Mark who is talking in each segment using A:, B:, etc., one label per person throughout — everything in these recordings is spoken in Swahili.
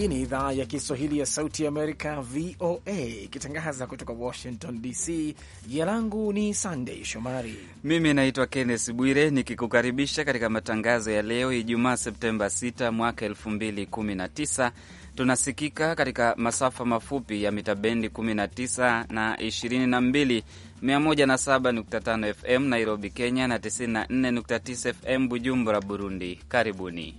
A: Hii ni idhaa ya Kiswahili ya Sauti ya Amerika, VOA, ikitangaza kutoka Washington DC. Jina langu ni Sandey Shomari.
B: Mimi naitwa Kennes Bwire, nikikukaribisha katika matangazo ya leo Ijumaa Septemba 6 mwaka 2019. Tunasikika katika masafa mafupi ya mita bendi 19 na 22, 107.5 FM Nairobi, Kenya na 94.9 FM Bujumbura, Burundi. Karibuni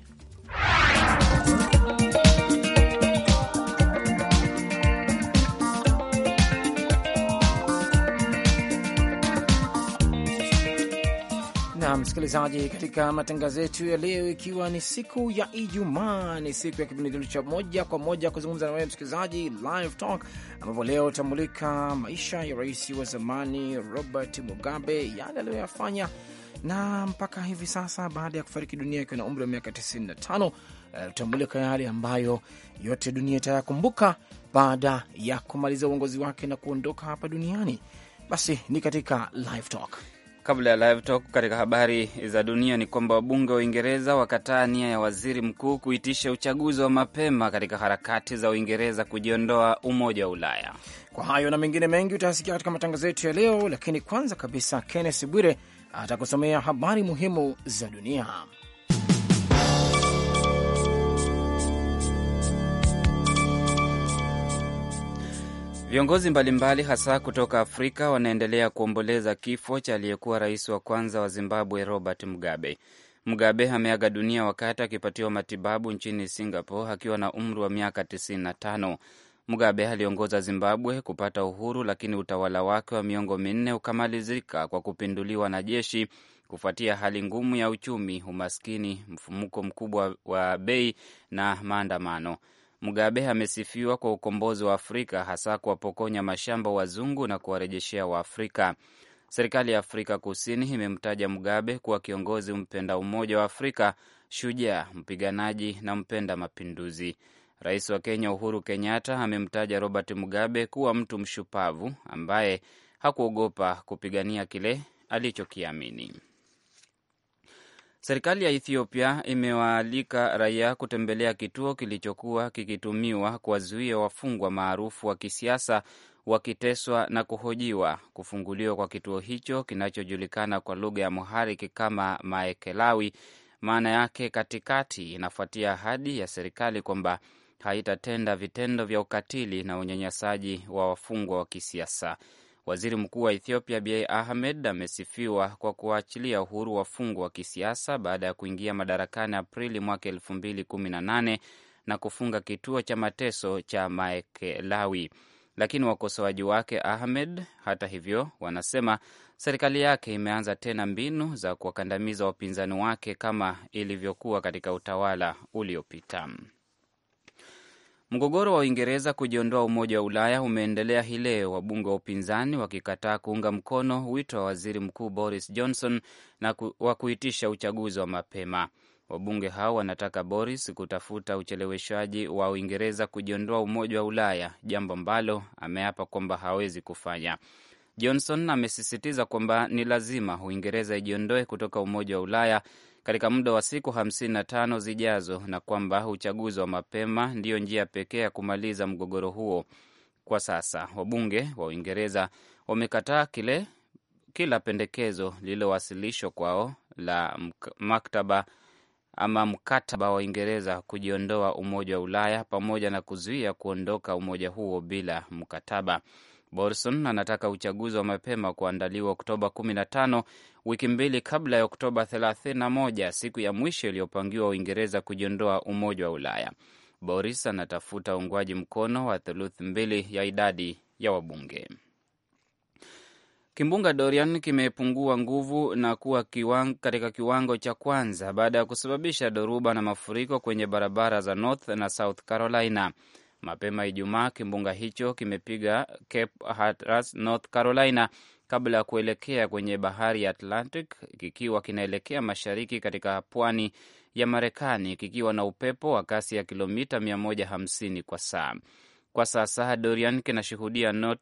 A: msikilizaji, katika matangazo yetu ya leo, ikiwa ni siku ya Ijumaa, ni siku ya kipindi chetu cha moja kwa moja kuzungumza na wewe msikilizaji, Live Talk, ambapo leo utamulika maisha ya rais wa zamani Robert Mugabe, yale aliyoyafanya na mpaka hivi sasa baada ya kufariki dunia ikiwa na umri wa miaka 95. Utamulika uh, yale ambayo yote dunia itayakumbuka baada ya kumaliza uongozi wake na kuondoka hapa duniani. Basi ni katika Live Talk.
B: Kabla ya live talk, katika habari za dunia ni kwamba wabunge wa Uingereza wakataa nia ya waziri mkuu kuitisha uchaguzi wa mapema katika harakati za Uingereza kujiondoa Umoja wa Ulaya.
A: Kwa hayo na mengine mengi utayasikia katika matangazo yetu ya leo, lakini kwanza kabisa, Kenneth Bwire atakusomea habari muhimu za dunia.
B: Viongozi mbalimbali hasa kutoka Afrika wanaendelea kuomboleza kifo cha aliyekuwa rais wa kwanza wa Zimbabwe Robert Mugabe. Mugabe ameaga dunia wakati akipatiwa matibabu nchini Singapore akiwa na umri wa miaka 95. Mugabe aliongoza Zimbabwe kupata uhuru, lakini utawala wake wa miongo minne ukamalizika kwa kupinduliwa na jeshi kufuatia hali ngumu ya uchumi, umaskini, mfumuko mkubwa wa bei na maandamano. Mugabe amesifiwa kwa ukombozi wa Afrika, hasa kuwapokonya mashamba wazungu na kuwarejeshea Waafrika. Serikali ya Afrika Kusini imemtaja Mugabe kuwa kiongozi mpenda umoja wa Afrika, shujaa, mpiganaji na mpenda mapinduzi. Rais wa Kenya Uhuru Kenyatta amemtaja Robert Mugabe kuwa mtu mshupavu ambaye hakuogopa kupigania kile alichokiamini. Serikali ya Ethiopia imewaalika raia kutembelea kituo kilichokuwa kikitumiwa kuwazuia wafungwa maarufu wa kisiasa wakiteswa na kuhojiwa. Kufunguliwa kwa kituo hicho kinachojulikana kwa lugha ya Muhariki kama Maekelawi, maana yake katikati, inafuatia ahadi ya serikali kwamba haitatenda vitendo vya ukatili na unyanyasaji wa wafungwa wa kisiasa. Waziri Mkuu wa Ethiopia Abiy Ahmed amesifiwa kwa kuwaachilia uhuru wafungwa wa kisiasa baada ya kuingia madarakani Aprili mwaka elfu mbili kumi na nane na kufunga kituo cha mateso cha Maekelawi, lakini wakosoaji wake Ahmed, hata hivyo, wanasema serikali yake imeanza tena mbinu za kuwakandamiza wapinzani wake kama ilivyokuwa katika utawala uliopita. Mgogoro wa Uingereza kujiondoa Umoja wa Ulaya umeendelea hii leo, wabunge wa upinzani wakikataa kuunga mkono wito wa waziri mkuu Boris Johnson na ku, wa kuitisha uchaguzi wa mapema. Wabunge hao wanataka Boris kutafuta ucheleweshaji wa Uingereza kujiondoa Umoja wa Ulaya, jambo ambalo ameapa kwamba hawezi kufanya. Johnson amesisitiza kwamba ni lazima Uingereza ijiondoe kutoka Umoja wa Ulaya katika muda wa siku 55 zijazo na kwamba uchaguzi wa mapema ndiyo njia pekee ya kumaliza mgogoro huo kwa sasa. Wabunge wa Uingereza wamekataa kile kila pendekezo lililowasilishwa kwao la maktaba ama mkataba wa Uingereza kujiondoa Umoja wa Ulaya pamoja na kuzuia kuondoka umoja huo bila mkataba borson anataka uchaguzi wa mapema kuandaliwa Oktoba 15, wiki mbili kabla ya Oktoba 31, siku ya mwisho iliyopangiwa Uingereza kujiondoa Umoja wa Ulaya. Boris anatafuta uungwaji mkono wa thuluthi mbili ya idadi ya wabunge. Kimbunga Dorian kimepungua nguvu na kuwa kiwang, katika kiwango cha kwanza baada ya kusababisha dhoruba na mafuriko kwenye barabara za North na South Carolina. Mapema Ijumaa, kimbunga hicho kimepiga Cape Hatteras, North Carolina kabla ya kuelekea kwenye bahari ya Atlantic kikiwa kinaelekea mashariki katika pwani ya Marekani kikiwa na upepo wa kasi ya kilomita 150 kwa saa. Kwa sasa Dorian kinashuhudiwa North,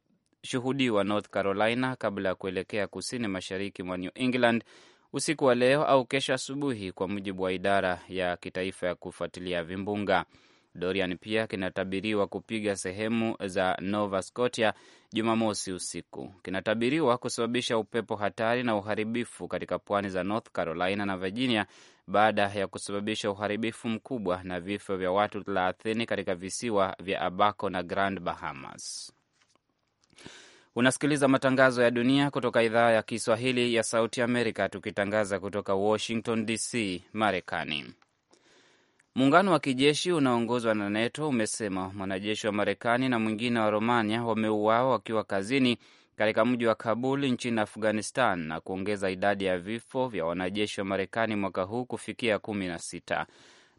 B: North Carolina kabla ya kuelekea kusini mashariki mwa New England usiku wa leo au kesho asubuhi, kwa mujibu wa idara ya kitaifa ya kufuatilia vimbunga. Dorian pia kinatabiriwa kupiga sehemu za Nova Scotia Jumamosi usiku. Kinatabiriwa kusababisha upepo hatari na uharibifu katika pwani za North Carolina na Virginia baada ya kusababisha uharibifu mkubwa na vifo vya watu 30 katika visiwa vya Abaco na Grand Bahamas. Unasikiliza matangazo ya dunia kutoka idhaa ya Kiswahili ya Sauti Amerika, tukitangaza kutoka Washington DC, Marekani. Muungano wa kijeshi unaoongozwa na NATO umesema mwanajeshi wa Marekani na mwingine wa Romania wameuawa wakiwa kazini katika mji wa Kabul nchini Afghanistan na kuongeza idadi ya vifo vya wanajeshi wa Marekani mwaka huu kufikia kumi na sita.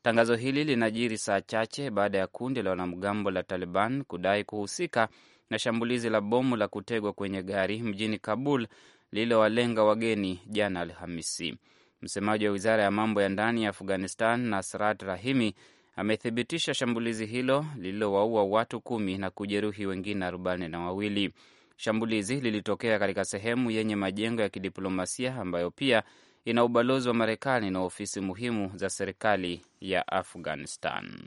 B: Tangazo hili linajiri saa chache baada ya kundi la wanamgambo la Taliban kudai kuhusika na shambulizi la bomu la kutegwa kwenye gari mjini Kabul lililowalenga wageni jana Alhamisi. Msemaji wa wizara ya mambo ya ndani ya Afghanistan, Nasrat Rahimi, amethibitisha shambulizi hilo lililowaua watu kumi na kujeruhi wengine arobaini na wawili. Shambulizi lilitokea katika sehemu yenye majengo ya kidiplomasia ambayo pia ina ubalozi wa Marekani na ofisi muhimu za serikali ya Afghanistan.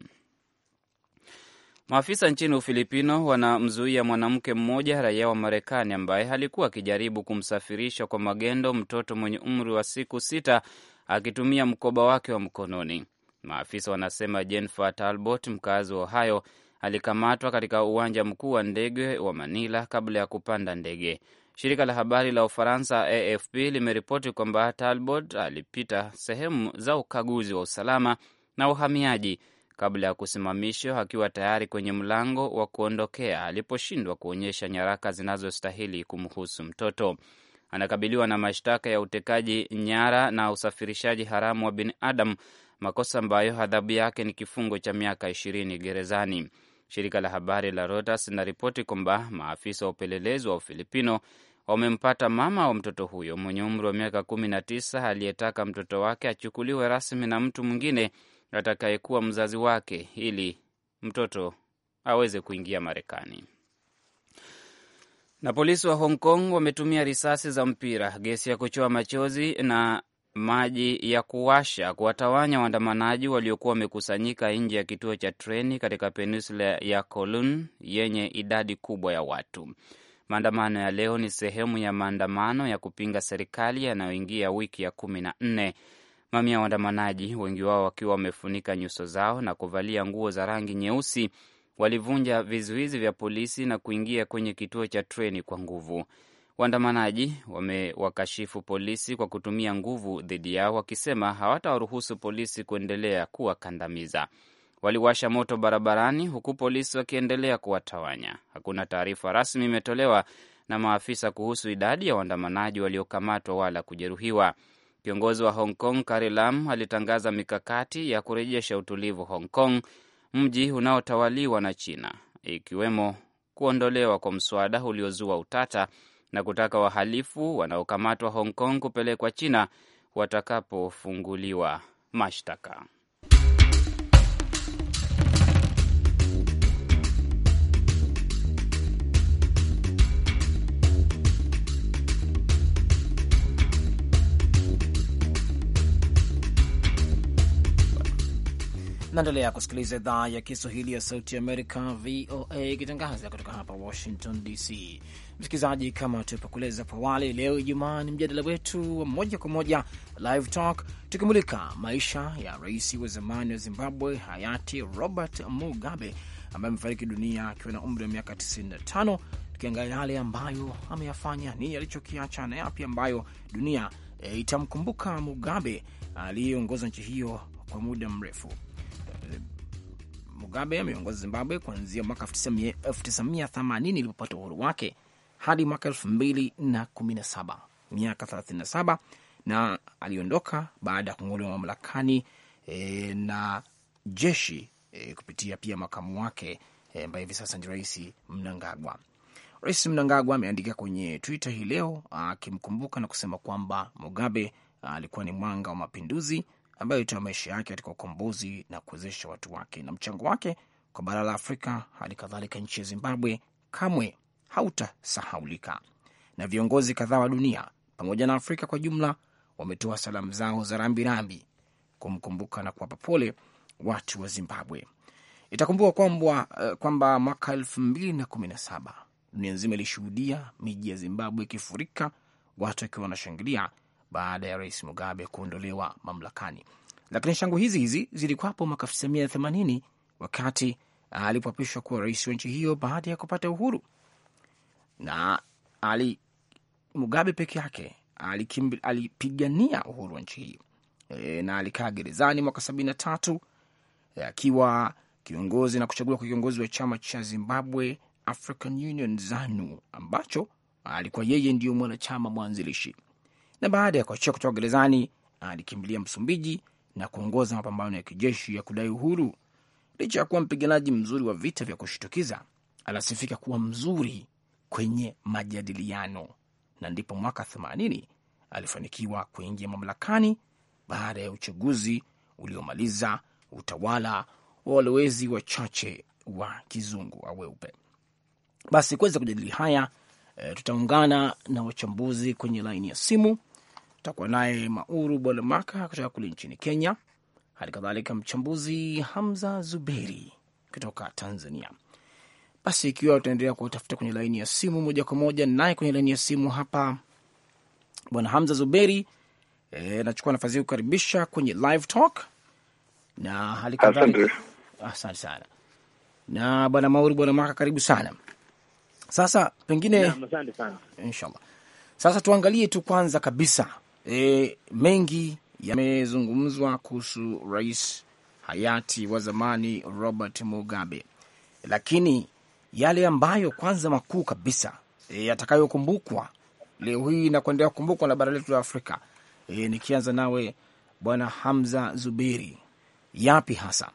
B: Maafisa nchini Ufilipino wanamzuia mwanamke mmoja, raia wa Marekani, ambaye alikuwa akijaribu kumsafirisha kwa magendo mtoto mwenye umri wa siku sita akitumia mkoba wake wa mkononi. Maafisa wanasema Jennifer Talbot, mkazi wa Ohio, alikamatwa katika uwanja mkuu wa ndege wa Manila kabla ya kupanda ndege. Shirika la habari la Ufaransa AFP limeripoti kwamba Talbot alipita sehemu za ukaguzi wa usalama na uhamiaji kabla ya kusimamishwa akiwa tayari kwenye mlango wa kuondokea aliposhindwa kuonyesha nyaraka zinazostahili kumhusu mtoto. Anakabiliwa na mashtaka ya utekaji nyara na usafirishaji haramu wa binadamu, makosa ambayo adhabu yake ni kifungo cha miaka ishirini gerezani. Shirika la habari la Reuters linaripoti kwamba maafisa wa upelelezi wa Ufilipino wamempata mama wa mtoto huyo mwenye umri wa miaka kumi na tisa aliyetaka mtoto wake achukuliwe rasmi na mtu mwingine atakayekuwa mzazi wake ili mtoto aweze kuingia Marekani. Na polisi wa Hong Kong wametumia risasi za mpira, gesi ya kuchoa machozi na maji ya kuwasha kuwatawanya waandamanaji waliokuwa wamekusanyika nje ya kituo cha treni katika peninsula ya Kowloon yenye idadi kubwa ya watu. Maandamano ya leo ni sehemu ya maandamano ya kupinga serikali yanayoingia wiki ya kumi na nne Mamia waandamanaji, wengi wao wakiwa wamefunika nyuso zao na kuvalia nguo za rangi nyeusi, walivunja vizuizi vya polisi na kuingia kwenye kituo cha treni kwa nguvu. Waandamanaji wamewakashifu polisi kwa kutumia nguvu dhidi yao, wakisema hawatawaruhusu polisi kuendelea kuwakandamiza. Waliwasha moto barabarani, huku polisi wakiendelea kuwatawanya. Hakuna taarifa rasmi imetolewa na maafisa kuhusu idadi ya waandamanaji waliokamatwa wala kujeruhiwa. Kiongozi wa Hong Kong Carrie Lam alitangaza mikakati ya kurejesha utulivu Hong Kong, mji unaotawaliwa na China, ikiwemo kuondolewa kwa mswada uliozua utata na kutaka wahalifu wanaokamatwa Hong Kong kupelekwa China watakapofunguliwa mashtaka.
A: Naendelea kusikiliza idhaa ya Kiswahili ya Sauti Amerika, VOA, ikitangaza kutoka hapa Washington DC. Msikilizaji, kama tulipokueleza hapo awali, leo Ijumaa ni mjadala wetu wa moja kwa moja, Live Talk, tukimulika maisha ya rais wa zamani wa Zimbabwe hayati Robert Mugabe ambaye amefariki dunia akiwa na umri wa miaka 95, tukiangalia yale ambayo ameyafanya, nini alichokiacha na yapi ambayo dunia e, itamkumbuka Mugabe aliyeongoza nchi hiyo kwa muda mrefu. Mugabe ameongoza Zimbabwe kuanzia mwaka 1980 ilipopata uhuru wake hadi mwaka 2017, miaka 37, na aliondoka baada ya kung'olewa mamlakani e, na jeshi e, kupitia pia makamu wake e, ambaye hivi sasa ni Rais Mnangagwa. Rais Mnangagwa ameandika kwenye Twitter hii leo akimkumbuka na kusema kwamba Mugabe alikuwa ni mwanga wa mapinduzi ambayo ilitoa maisha yake katika ukombozi na kuwezesha watu wake, na mchango wake kwa bara la Afrika hali kadhalika nchi ya Zimbabwe kamwe hautasahaulika. Na viongozi kadhaa wa dunia pamoja na Afrika kwa jumla wametoa salamu zao za rambirambi kumkumbuka na kuwapa pole watu wa Zimbabwe. Itakumbuka kwamba eh, kwamba mwaka elfu mbili na kumi na saba dunia nzima ilishuhudia miji ya Zimbabwe ikifurika, watu wakiwa wanashangilia baada ya rais Mugabe kuondolewa mamlakani. Lakini shangu hizi hizi zilikuwapo mwaka 1980 wakati alipoapishwa kuwa rais wa nchi hiyo baada ya kupata uhuru, na ali Mugabe peke yake alipigania uhuru wa nchi hii e, na alikaa gerezani mwaka tatu e, akiwa kiongozi na kuchaguliwa kwa kiongozi wa chama cha Zimbabwe African Union ZANU ambacho alikuwa yeye ndiyo mwanachama mwanzilishi na baada ya kuachia kutoka gerezani alikimbilia Msumbiji na kuongoza mapambano ya kijeshi ya kudai uhuru. Licha ya kuwa mpiganaji mzuri wa vita vya kushtukiza, anasifika kuwa mzuri kwenye majadiliano, na ndipo mwaka 80 alifanikiwa kuingia mamlakani baada ya uchaguzi uliomaliza utawala wa walowezi wachache wa kizungu au weupe. Basi kuweza kujadili haya e, tutaungana na wachambuzi kwenye laini ya simu tutakuwa naye Mauru Bwalamaka kutoka kule nchini Kenya, hali kadhalika mchambuzi Hamza Zuberi kutoka Tanzania. Basi ikiwa tutaendelea kuwatafuta kwenye laini ya simu moja kwa moja, naye kwenye laini ya simu hapa bwana Hamza Zuberi e, nachukua nafasi hii kukaribisha kwenye live talk na hali kadhalika, asante ah, sana na bwana Mauri Bwalamaka, karibu sana. Sasa pengine, inshallah, sasa tuangalie tu kwanza kabisa E, mengi yamezungumzwa kuhusu rais hayati wa zamani Robert Mugabe, lakini yale ambayo kwanza makuu kabisa e, yatakayokumbukwa leo hii na kuendelea kukumbukwa na bara letu la Afrika e, nikianza nawe Bwana Hamza Zuberi, yapi hasa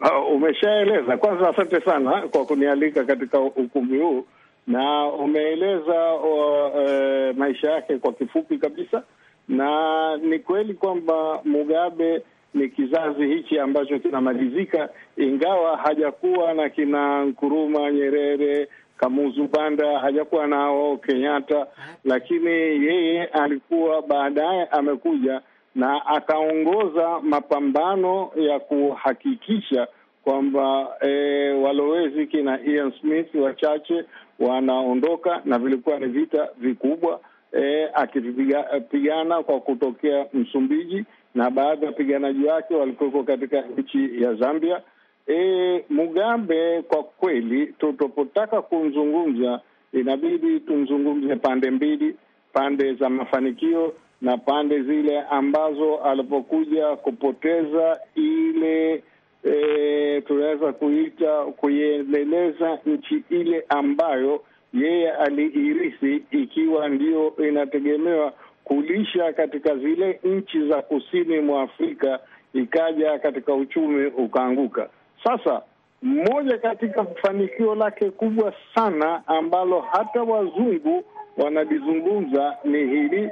C: ah, umeshaeleza? Kwanza asante sana kwa kunialika katika ukumbi huu na umeeleza uh, maisha yake kwa kifupi kabisa, na ni kweli kwamba Mugabe ni kizazi hichi ambacho kinamalizika, ingawa hajakuwa na kina Nkuruma, Nyerere, Kamuzu Banda, hajakuwa nao Kenyatta, lakini yeye alikuwa baadaye amekuja na akaongoza mapambano ya kuhakikisha kwamba e, walowezi kina Ian Smith wachache wanaondoka, na vilikuwa ni vita vikubwa e, akipigana kwa kutokea Msumbiji, na baadhi ya wapiganaji wake walikuweko katika nchi ya Zambia. E, Mugabe kwa kweli, tutapotaka kumzungumza inabidi tumzungumze pande mbili, pande za mafanikio na pande zile ambazo alipokuja kupoteza ile e, tunaweza kuita kuiendeleza nchi ile ambayo yeye aliirisi, ikiwa ndio inategemewa kulisha katika zile nchi za kusini mwa Afrika, ikaja katika uchumi ukaanguka. Sasa mmoja katika fanikio lake kubwa sana ambalo hata wazungu wanalizungumza ni hili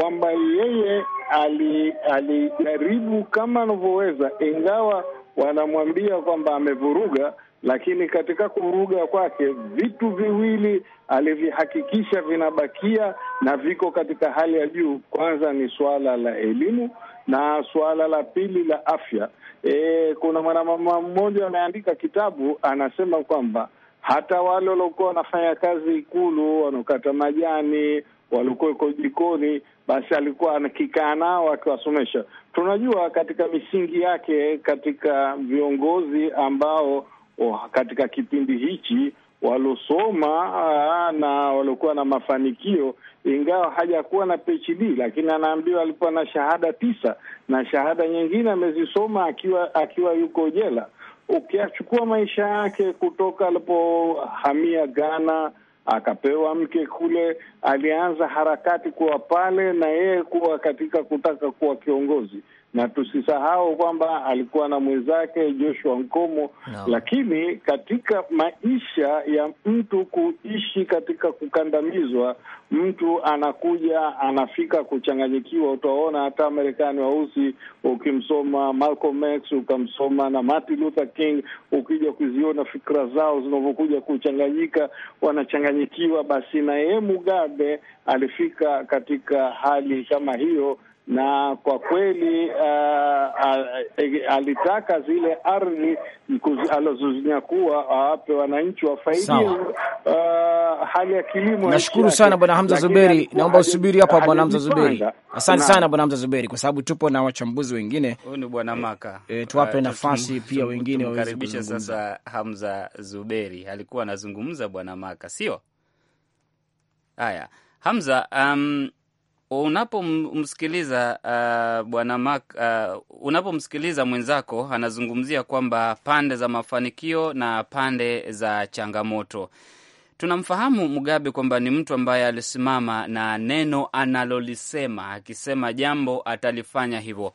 C: kwamba yeye alijaribu ali, kama anavyoweza, ingawa wanamwambia kwamba amevuruga, lakini katika kuvuruga kwake vitu viwili alivihakikisha vinabakia na viko katika hali ya juu. Kwanza ni suala la elimu na suala la pili la afya. E, kuna mwanamama mmoja ameandika kitabu anasema kwamba hata wale waliokuwa wanafanya kazi Ikulu, wanaokata majani, walikuweko jikoni, basi alikuwa anakikaa nao akiwasomesha. Tunajua katika misingi yake, katika viongozi ambao oh, katika kipindi hichi waliosoma ah, na waliokuwa na mafanikio, ingawa hajakuwa na PhD, lakini anaambiwa alikuwa na shahada tisa na shahada nyingine amezisoma akiwa akiwa yuko jela. Ukiachukua maisha yake kutoka alipohamia Ghana akapewa mke kule, alianza harakati kuwa pale na yeye kuwa katika kutaka kuwa kiongozi na tusisahau kwamba alikuwa na mwenzake Joshua Nkomo no. Lakini katika maisha ya mtu kuishi katika kukandamizwa, mtu anakuja anafika kuchanganyikiwa. Utaona hata Marekani wausi ukimsoma Malcolm X, ukamsoma na Martin Luther King, ukija kuziona fikra zao zinavyokuja kuchanganyika, wanachanganyikiwa. Basi na yeye Mugabe alifika katika hali kama hiyo na kwa kweli uh, uh, uh alitaka zile ardhi alizozinyakua awape wananchi wafaidie uh, hali ya kilimo. Nashukuru sana Bwana Hamza Zuberi, naomba usubiri hapa Bwana Hamza Zuberi.
A: Asante sana Bwana Hamza Zuberi, kwa sababu tupo na wachambuzi wengine. Huyu ni Bwana Maka e, tuwape ah, nafasi pia wengine wakaribisha. Sasa
B: Hamza Zuberi alikuwa anazungumza Bwana Maka, sio haya Hamza um, unapomsikiliza uh, bwana Mark uh, unapomsikiliza mwenzako anazungumzia kwamba pande za mafanikio na pande za changamoto. Tunamfahamu Mugabe kwamba ni mtu ambaye alisimama na neno analolisema, akisema jambo atalifanya hivyo.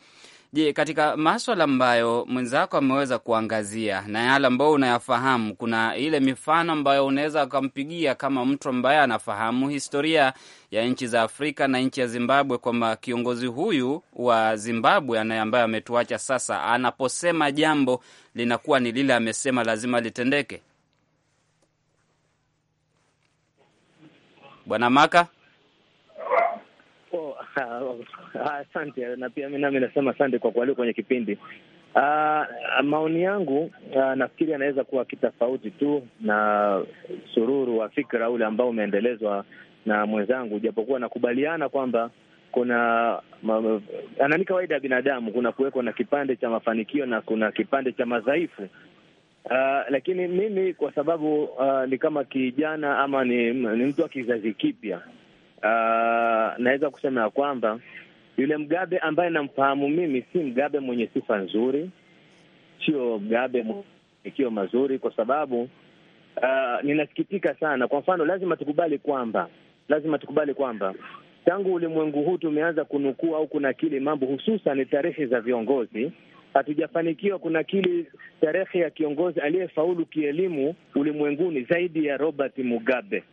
B: Je, katika maswala ambayo mwenzako ameweza kuangazia na yale ambayo unayafahamu, kuna ile mifano ambayo unaweza ukampigia kama mtu ambaye anafahamu historia ya nchi za Afrika na nchi ya Zimbabwe, kwamba kiongozi huyu wa Zimbabwe ambaye ametuacha sasa, anaposema jambo linakuwa ni lile amesema, lazima litendeke? Bwana Maka.
D: Oh, ah, asante oh, na pia mi nami nasema asante kwa kualiwa kwenye kipindi. Uh, maoni yangu uh, nafikiri anaweza kuwa kitofauti tu na sururu wa fikra ule ambao umeendelezwa na mwenzangu, japokuwa nakubaliana kwamba kuna anani kawaida ya binadamu, kuna kuwekwa na kipande cha mafanikio na kuna kipande cha madhaifu. Uh, lakini mimi kwa sababu uh, ni kama kijana ama ni, ni mtu wa kizazi kipya Ah, naweza kusema ya kwamba yule mgabe ambaye namfahamu mimi si mgabe mwenye sifa nzuri, sio mgabe mwenye mafanikio mazuri, kwa sababu uh, ninasikitika sana. Kwa mfano, lazima tukubali kwamba lazima tukubali kwamba tangu ulimwengu huu tumeanza kunukuu au kunakili mambo hususan tarehe za viongozi, hatujafanikiwa kunakili tarehe ya kiongozi aliyefaulu kielimu ulimwenguni zaidi ya Robert Mugabe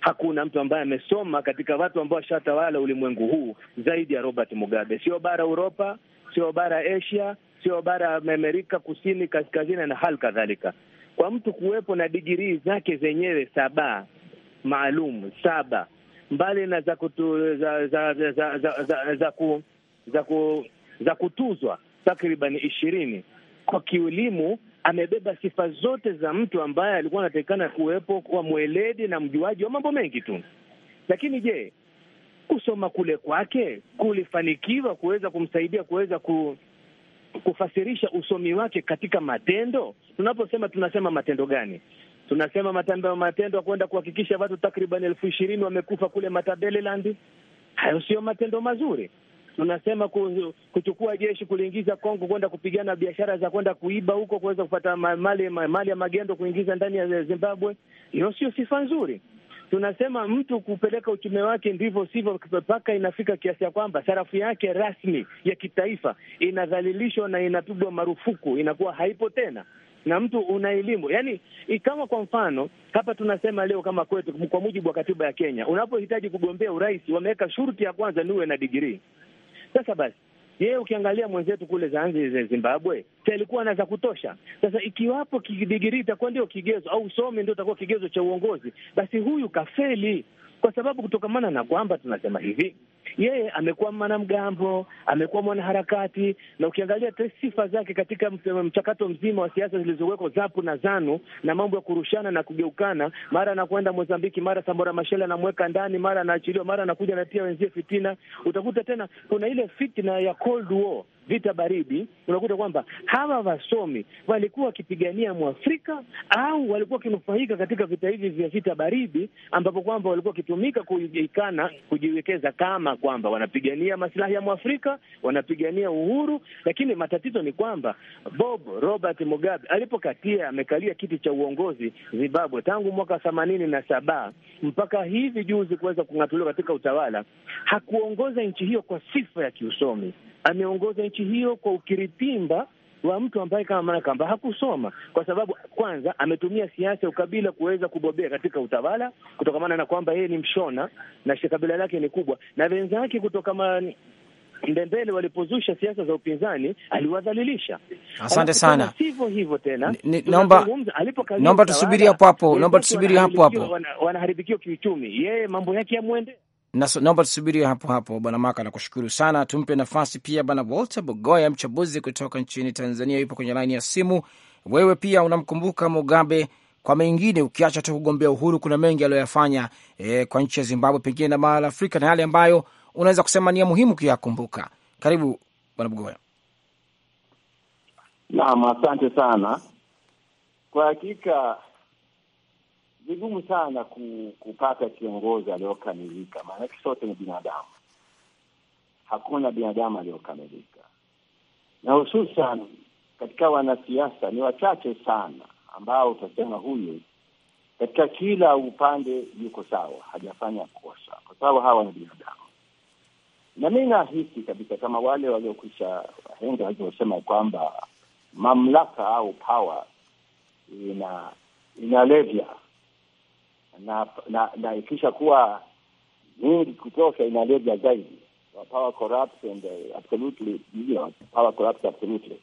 D: hakuna mtu ambaye amesoma katika watu ambao washatawala ulimwengu huu zaidi ya Robert Mugabe, sio bara Uropa, sio bara Asia, sio bara Amerika Kusini, kaskazini na hali kadhalika. Kwa mtu kuwepo na digirii zake zenyewe saba maalum saba, mbali na za kutu, za za za za, za, za, za, ku, za, ku, za kutuzwa takriban ishirini kwa kiulimu amebeba sifa zote za mtu ambaye alikuwa anatakikana kuwepo kwa mweledi na mjuaji wa mambo mengi tu. Lakini je, kusoma kule kwake kulifanikiwa kuweza kumsaidia kuweza ku, kufasirisha usomi wake katika matendo? Tunaposema tunasema matendo gani? Tunasema matendo matendo ya kwenda kuhakikisha watu takriban elfu ishirini wamekufa kule Matabeleland. Hayo sio matendo mazuri. Tunasema kuchukua jeshi kuliingiza Kongo kwenda kupigana biashara za kwenda kuiba huko, kuweza kupata mali, mali ya magendo kuingiza ndani ya Zimbabwe, hiyo sio sifa nzuri. Tunasema mtu kupeleka uchumi wake ndivyo sivyo, mpaka inafika kiasi ya kwamba sarafu yake rasmi ya kitaifa inadhalilishwa na inapigwa marufuku, inakuwa haipo tena na mtu una elimu yani, kama kwa mfano hapa tunasema leo kama kwetu, kwa mujibu wa katiba ya Kenya, unapohitaji kugombea urais wameweka shurti ya kwanza ni uwe na digrii. Sasa basi yeye ukiangalia mwenzetu kule zanzi Zimbabwe, alikuwa na za kutosha. Sasa ikiwapo kidigirii itakuwa ndio kigezo au usomi ndio utakuwa kigezo cha uongozi, basi huyu kafeli, kwa sababu kutokamana na kwamba tunasema hivi yeye amekuwa mwanamgambo, amekuwa mwanaharakati, na ukiangalia sifa zake katika mchakato mzima wa siasa zilizowekwa ZAPU na ZANU na mambo ya kurushana na kugeukana, mara anakwenda Mozambiki, mara sambora Mashele anamweka ndani, mara anaachiliwa, mara anakuja anatia wenzie fitina. Utakuta tena kuna ile fitina ya Cold War, vita baridi. Unakuta kwamba hawa wasomi walikuwa wakipigania Mwafrika au walikuwa wakinufaika katika vita hivi vya vita baridi, ambapo kwamba walikuwa wakitumika kuikana kujiwekeza kama kwamba wanapigania masilahi ya Mwafrika, wanapigania uhuru, lakini matatizo ni kwamba Bob Robert Mugabe alipokatia amekalia kiti cha uongozi Zimbabwe tangu mwaka themanini na saba mpaka hivi juzi kuweza kung'atuliwa katika utawala, hakuongoza nchi hiyo kwa sifa ya kiusomi. Ameongoza nchi hiyo kwa ukiritimba wa mtu ambaye kama Kamba hakusoma, kwa sababu kwanza ametumia siasa ya ukabila kuweza kubobea katika utawala kutokamana na kwamba yeye ni Mshona na kabila lake ni kubwa, na wenzake kutoka Ndembele walipozusha siasa za upinzani aliwadhalilisha. Asante sana. Sivyo hivyo tena, naomba tusubiri hapo hapo, naomba tusubiri hapo hapo, wanaharibikiwa kiuchumi, yeye mambo yake yamwende
A: naomba tusubiri hapo hapo. Bwana Maka, nakushukuru sana. Tumpe nafasi pia Bwana Walter Bogoya, mchambuzi kutoka nchini Tanzania, yupo kwenye laini ya simu. Wewe pia unamkumbuka Mugabe kwa mengine, ukiacha tu kugombea uhuru, kuna mengi aliyoyafanya e, kwa nchi ya Zimbabwe pengine na bara la Afrika, na yale ambayo unaweza kusema ni ya muhimu kuyakumbuka. Karibu Bwana Bogoya.
E: Naam, asante sana. Kwa hakika vigumu sana kupata kiongozi aliyokamilika, maanake sote ni binadamu. Hakuna binadamu aliyokamilika, na hususan katika wanasiasa ni wachache sana ambao utasema huyu katika kila upande yuko sawa, hajafanya kosa, kwa sababu hawa ni binadamu. Na mi nahisi kabisa kama wale waliokwisha wahenga waliosema kwamba mamlaka au pawa ina
B: inalevya
E: na na, na ikisha kuwa nyingi kutosha inaleja zaidi. Power corrupts and uh, absolutely, you know, power corrupts absolutely.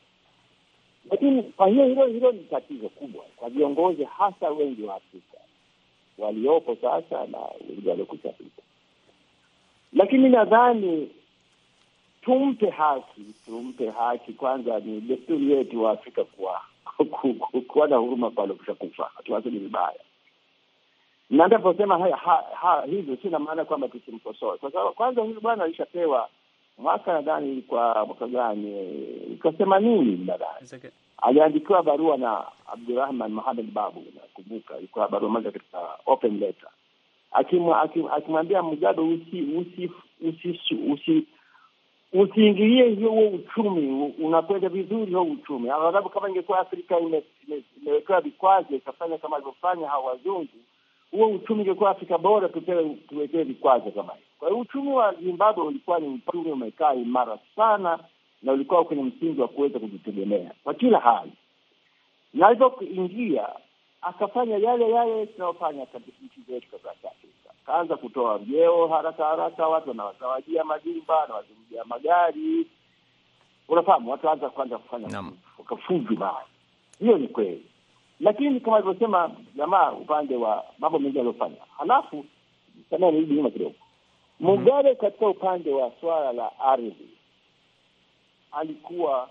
E: Lakini kwa hiyo hilo hilo ni tatizo kubwa kwa viongozi hasa wengi wa Afrika waliopo sasa na wengi waliokwisha pita, lakini nadhani tumpe haki, tumpe haki kwanza. Ni desturi yetu wa Afrika kuwa kuwa na huruma kwa waliokwisha kufa, hatuwasemi vibaya na ndaposema haya ha, ha, hivyo sina maana kwamba tusimkosoe, kwa sababu kwanza huyu bwana alishapewa mwaka nadhani ilikuwa mwaka gani, ilikuwa themanini
B: nadhani okay.
E: Aliandikiwa barua na Abdurahman Muhamed Babu, nakumbuka ilikuwa barua moja katika open letter, akimwambia Mugabe, usiingilie hiyo huo uchumi unakwenda vizuri, huo uchumi, kwa sababu kama ingekuwa Afrika imewekewa vikwazo ikafanya kama alivyofanya hawa wazungu huo uchumi ungekuwa Afrika bora tuwekee vikwazo kama hivi. Kwa hiyo uchumi wa Zimbabwe ulikuwa ni uchumi umekaa imara sana, na ulikuwa kwenye msingi wa kuweza kujitegemea kwa kila hali, na alivyoingia akafanya yale yale tunayofanya katika nchi zetu za Afrika. Akaanza kutoa vyeo haraka haraka, watu wanawazawajia majumba, wanawazawajia magari, unafahamu, watu waanza kwanza kufanya wakafuzu. Hiyo ni kweli lakini kama alivyosema jamaa upande wa mambo mengi aliyofanya. Halafu samea nirudi nyuma kidogo, mhm. Mugabe mm -hmm. katika upande wa swala la ardhi alikuwa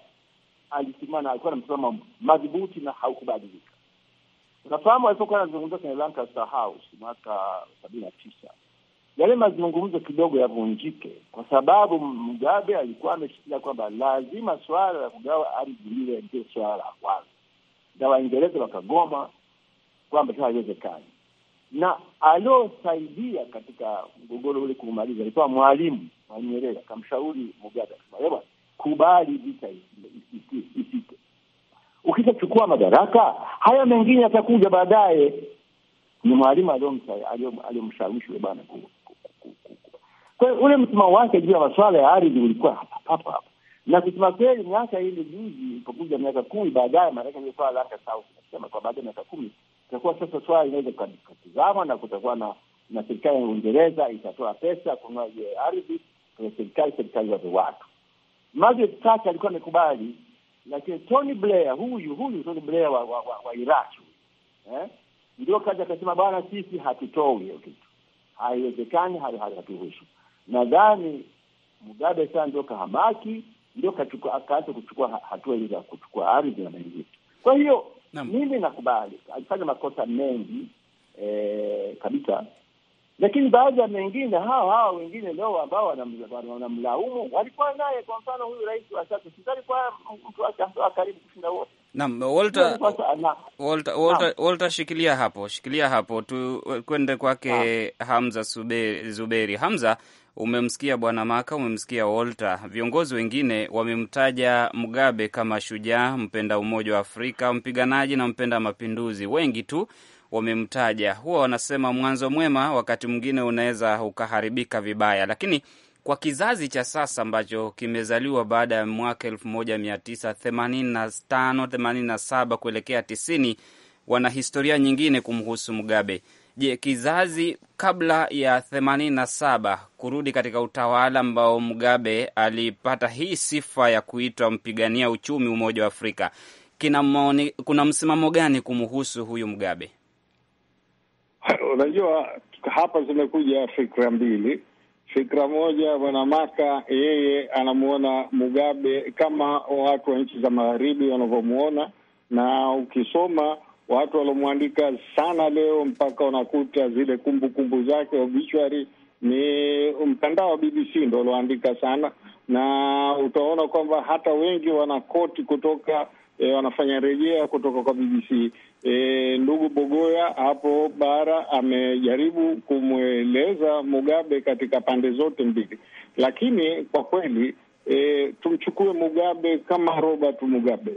E: alisimama, alikuwa na msimamo madhubuti na haukubadilika. Unafahamu alipokuwa anazungumza kwenye Lancaster House mwaka sabini na tisa yale mazungumzo kidogo yavunjike, kwa sababu Mugabe alikuwa ameshikilia kwamba lazima swala la kugawa ardhi lile ndio swala la kwanza na Waingereza wakagoma kwamba sasa haiwezekani, na aliosaidia katika mgogoro ule kumaliza alikuwa mwalimu wa Nyerere, akamshauri Mugabe akasema, kubali vita isite, ukishachukua madaraka haya mengine yatakuja baadaye. Ni mwalimu aliyomshawishi bwana. Kwa hiyo ule msimamo wake juu ya masuala ya ardhi ulikuwa hapa hapa hapa na kusema kweli, miaka hii juzi ipokuja miaka kumi baadaye, Marekani swala alaka sau nasema kwa baada ya miaka kumi itakuwa sasa swala inaweza kukatizama na kutakuwa na na serikali ya Uingereza itatoa pesa kunua ile ardhi kwenye serikali serikali ya watu. Margaret Thatcher alikuwa amekubali, lakini Tony Blair huyu huyu Tony Blair wa, wa, wa, wa Iraq eh, ndio kaja akasema, bwana, sisi hatutoi hiyo kitu, haiwezekani, haturuhusu. Nadhani Mugabe sasa ndio kahamaki ndio akaanza kuchukua hatua hizo za kuchukua ardhi na mengine. Kwa hiyo mimi nakubali alifanya makosa mengi e, kabisa, lakini baadhi ya mengine hawa hawa wengine leo ambao wanamlaumu walikuwa naye. Kwa mfano huyu rais wa sasa alikuwa mtu wa karibu kushinda wote.
B: Naam, Walter, Walter, Walter, Walter, shikilia hapo, shikilia hapo tu kwende kwake Hamza Zuberi. Hamza Umemsikia bwana Maka, umemsikia Walter, viongozi wengine wamemtaja Mugabe kama shujaa, mpenda umoja wa Afrika, mpiganaji na mpenda mapinduzi. Wengi tu wamemtaja. Huwa wanasema mwanzo mwema wakati mwingine unaweza ukaharibika vibaya, lakini kwa kizazi cha sasa ambacho kimezaliwa baada ya mwaka elfu moja mia tisa themanini na tano themanini na saba kuelekea tisini wana historia nyingine kumhusu Mugabe. Je, kizazi kabla ya themanini na saba kurudi katika utawala ambao Mugabe alipata hii sifa ya kuitwa mpigania uchumi Umoja wa Afrika, kina maoni, kuna msimamo gani kumhusu huyu Mugabe?
C: Unajua, hapa zimekuja fikra mbili. Fikra moja, bwana Maka yeye anamwona Mugabe kama watu wa nchi za magharibi wanavyomwona, na ukisoma watu walomwandika sana leo, mpaka unakuta zile kumbukumbu kumbu zake obituary ni mtandao wa BBC ndo walioandika sana, na utaona kwamba hata wengi wanakoti kutoka E, wanafanya rejea kutoka kwa BBC. E, eh, ndugu Bogoya hapo bara amejaribu kumweleza Mugabe katika pande zote mbili, lakini kwa kweli e, tumchukue Mugabe kama Robert Mugabe.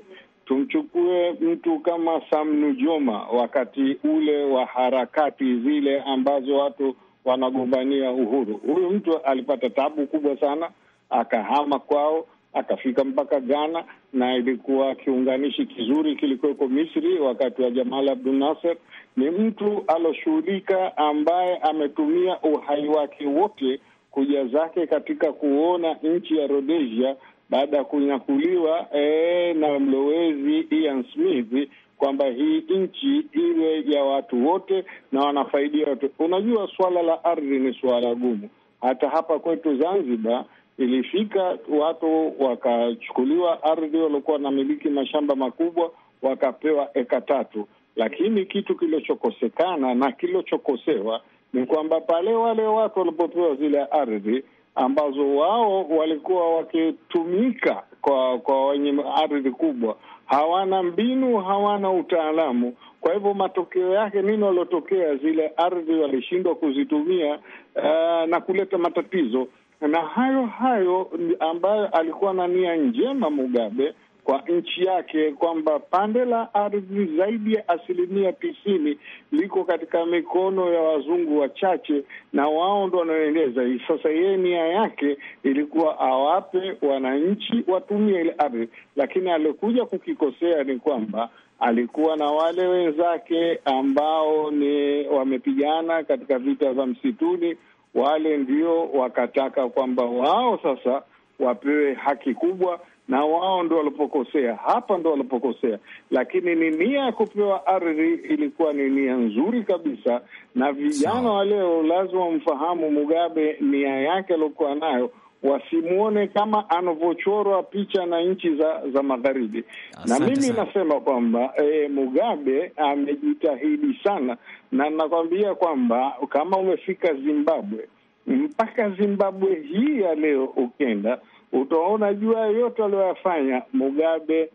C: Tumchukue mtu kama Sam Nujoma wakati ule wa harakati zile ambazo watu wanagombania uhuru. Huyu mtu alipata tabu kubwa sana, akahama kwao, akafika mpaka Ghana, na ilikuwa kiunganishi kizuri kilikuweko Misri wakati wa Jamal Abdul Nasser. Ni mtu aloshughulika, ambaye ametumia uhai wake wote kuja zake katika kuona nchi ya Rhodesia baada ya kunyakuliwa e, na mlowezi Ian Smith kwamba hii nchi iwe ya watu wote na wanafaidia wote. Unajua, swala la ardhi ni swala gumu. Hata hapa kwetu Zanzibar ilifika watu wakachukuliwa ardhi, waliokuwa wanamiliki mashamba makubwa wakapewa eka tatu, lakini kitu kilichokosekana na kilichokosewa ni kwamba pale wale watu walipopewa zile ardhi ambazo wao walikuwa wakitumika kwa kwa wenye ardhi kubwa, hawana mbinu, hawana utaalamu. Kwa hivyo matokeo yake nini waliotokea, zile ardhi walishindwa kuzitumia uh, na kuleta matatizo, na hayo hayo ambayo alikuwa na nia njema Mugabe kwa nchi yake kwamba pande la ardhi zaidi ya asilimia tisini liko katika mikono ya wazungu wachache, na wao ndo wanaoendeza hii. Sasa yeye nia yake ilikuwa awape wananchi watumie ile ardhi, lakini aliokuja kukikosea ni kwamba alikuwa na wale wenzake ambao ni wamepigana katika vita vya msituni. Wale ndio wakataka kwamba wao sasa wapewe haki kubwa na wao ndo walipokosea, hapa ndo walipokosea, lakini ni nia ya kupewa ardhi ilikuwa ni nia nzuri kabisa, na vijana wa leo lazima wamfahamu Mugabe, nia yake aliokuwa nayo wasimwone kama anavyochorwa picha na nchi za za magharibi. Na mimi nasema kwamba e, Mugabe amejitahidi sana, na nakwambia kwamba kama umefika Zimbabwe, mpaka Zimbabwe hii ya leo ukenda utaona jua yote aliyoyafanya Mugabe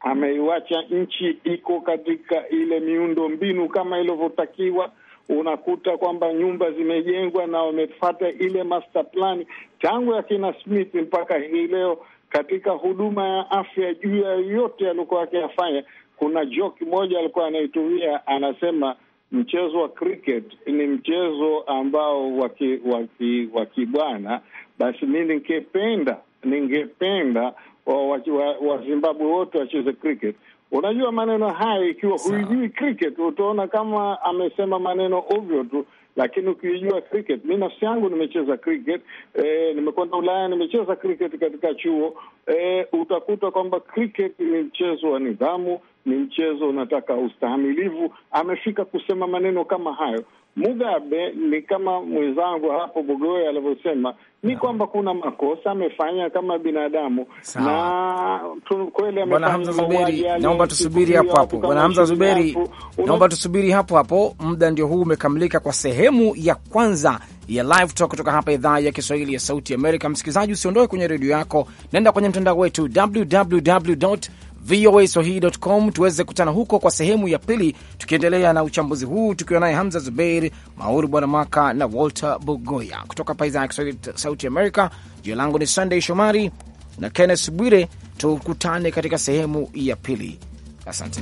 C: ameiwacha nchi iko katika ile miundo mbinu kama ilivyotakiwa. Unakuta kwamba nyumba zimejengwa na wamefata ile master plan tangu ya kina Smith mpaka hii leo. Katika huduma ya afya, juu ya yote alikuwa akiyafanya, kuna joke moja alikuwa anaitumia, anasema mchezo wa cricket ni mchezo ambao wa kibwana, basi mi ningependa ningependa Wazimbabwe wa, wa wote wacheze cricket. Unajua maneno haya, ikiwa huijui cricket utaona kama amesema maneno ovyo tu, lakini ukijua cricket, mi nafsi yangu nimecheza cricket e, nimekwenda Ulaya nimecheza cricket katika chuo e, utakuta kwamba cricket ni mchezo wa nidhamu, ni mchezo unataka ustahamilivu. Amefika kusema maneno kama hayo. Mugabe ni kama mwenzangu hapo Bogoe alivyosema, ni kwamba kuna makosa amefanya kama binadamu Sao. na kweli amefanya Naomba tusubiri hapo hapo, bwana Hamza Zuberi,
A: naomba tusubiri hapo hapo. Muda ndio huu umekamilika kwa sehemu ya kwanza ya Live Talk kutoka hapa idhaa ya Kiswahili ya Sauti Amerika. Msikilizaji, usiondoe kwenye redio yako, naenda kwenye mtandao wetu www VOA Swahili.com tuweze kutana huko kwa sehemu ya pili, tukiendelea na uchambuzi huu tukiwa naye Hamza Zubeir, Mauri Maka na Walter Bogoya kutoka hapa idhaa ya Kiswahili Sauti Amerika. Jina langu ni Sunday Shomari na Kenneth Bwire. Tukutane katika sehemu ya pili. Asante.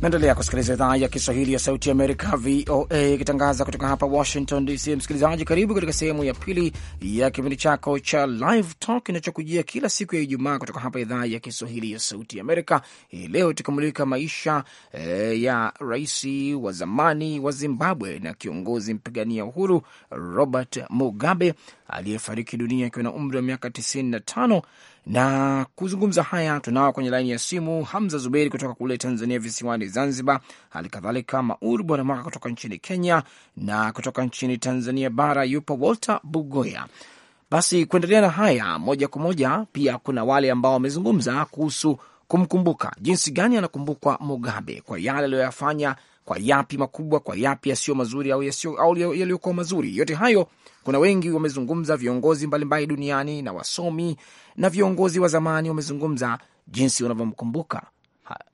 A: Naendelea kusikiliza idhaa ya Kiswahili ya Sauti ya Amerika, VOA, ikitangaza kutoka hapa Washington DC. Msikilizaji, karibu katika sehemu ya pili ya kipindi chako cha Live Talk inachokujia kila siku ya Ijumaa kutoka hapa idhaa ya Kiswahili ya Sauti ya Amerika. Hii leo itakamulika maisha eh, ya rais wa zamani wa Zimbabwe na kiongozi mpigania uhuru Robert Mugabe aliyefariki dunia akiwa na umri wa miaka 95 na kuzungumza haya tunao kwenye laini ya simu Hamza Zuberi kutoka kule Tanzania visiwani Zanzibar, hali kadhalika Maur Bwanamwaka kutoka nchini Kenya, na kutoka nchini Tanzania bara yupo Walter Bugoya. Basi kuendelea na haya moja kwa moja, pia kuna wale ambao wamezungumza kuhusu kumkumbuka, jinsi gani anakumbukwa Mugabe kwa yale aliyoyafanya kwa yapi makubwa, kwa yapi yasiyo mazuri au yaliyokuwa mazuri. Yote hayo kuna wengi wamezungumza, viongozi mbalimbali duniani na wasomi na viongozi wa zamani wamezungumza jinsi wanavyomkumbuka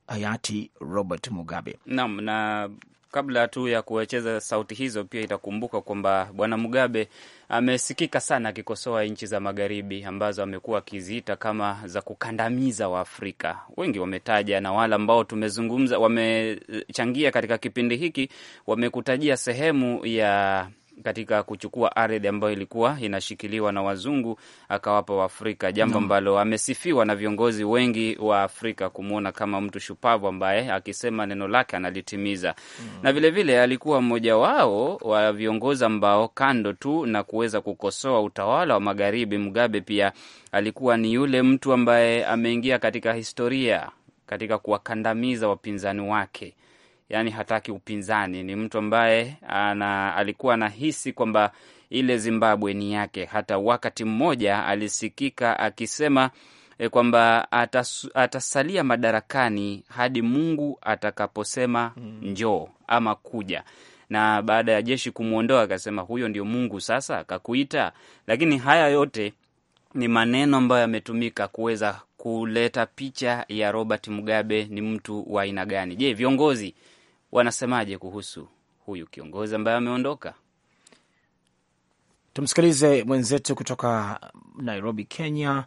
A: hayati Robert Mugabe.
B: Naam, na kabla tu ya kuwecheza sauti hizo, pia itakumbuka kwamba bwana Mugabe amesikika sana akikosoa nchi za magharibi ambazo amekuwa akiziita kama za kukandamiza Waafrika. Wengi wametaja na wale ambao tumezungumza, wamechangia katika kipindi hiki, wamekutajia sehemu ya katika kuchukua ardhi ambayo ilikuwa inashikiliwa na wazungu akawapa Waafrika, jambo ambalo no. amesifiwa na viongozi wengi wa Afrika kumwona kama mtu shupavu ambaye akisema neno lake analitimiza mm. na vilevile vile, alikuwa mmoja wao wa viongozi ambao kando tu na kuweza kukosoa utawala wa magharibi, Mugabe pia alikuwa ni yule mtu ambaye ameingia katika historia katika kuwakandamiza wapinzani wake yani hataki upinzani. Ni mtu ambaye ana, alikuwa anahisi kwamba ile Zimbabwe ni yake. Hata wakati mmoja alisikika akisema e, kwamba atas, atasalia madarakani hadi Mungu atakaposema hmm. njoo ama kuja na baada ya jeshi kumwondoa akasema, huyo ndio Mungu sasa akakuita. Lakini haya yote ni maneno ambayo yametumika kuweza kuleta picha ya Robert Mugabe ni mtu wa aina gani. Je, viongozi wanasemaje kuhusu huyu kiongozi ambaye ameondoka?
A: Tumsikilize mwenzetu kutoka Nairobi, Kenya.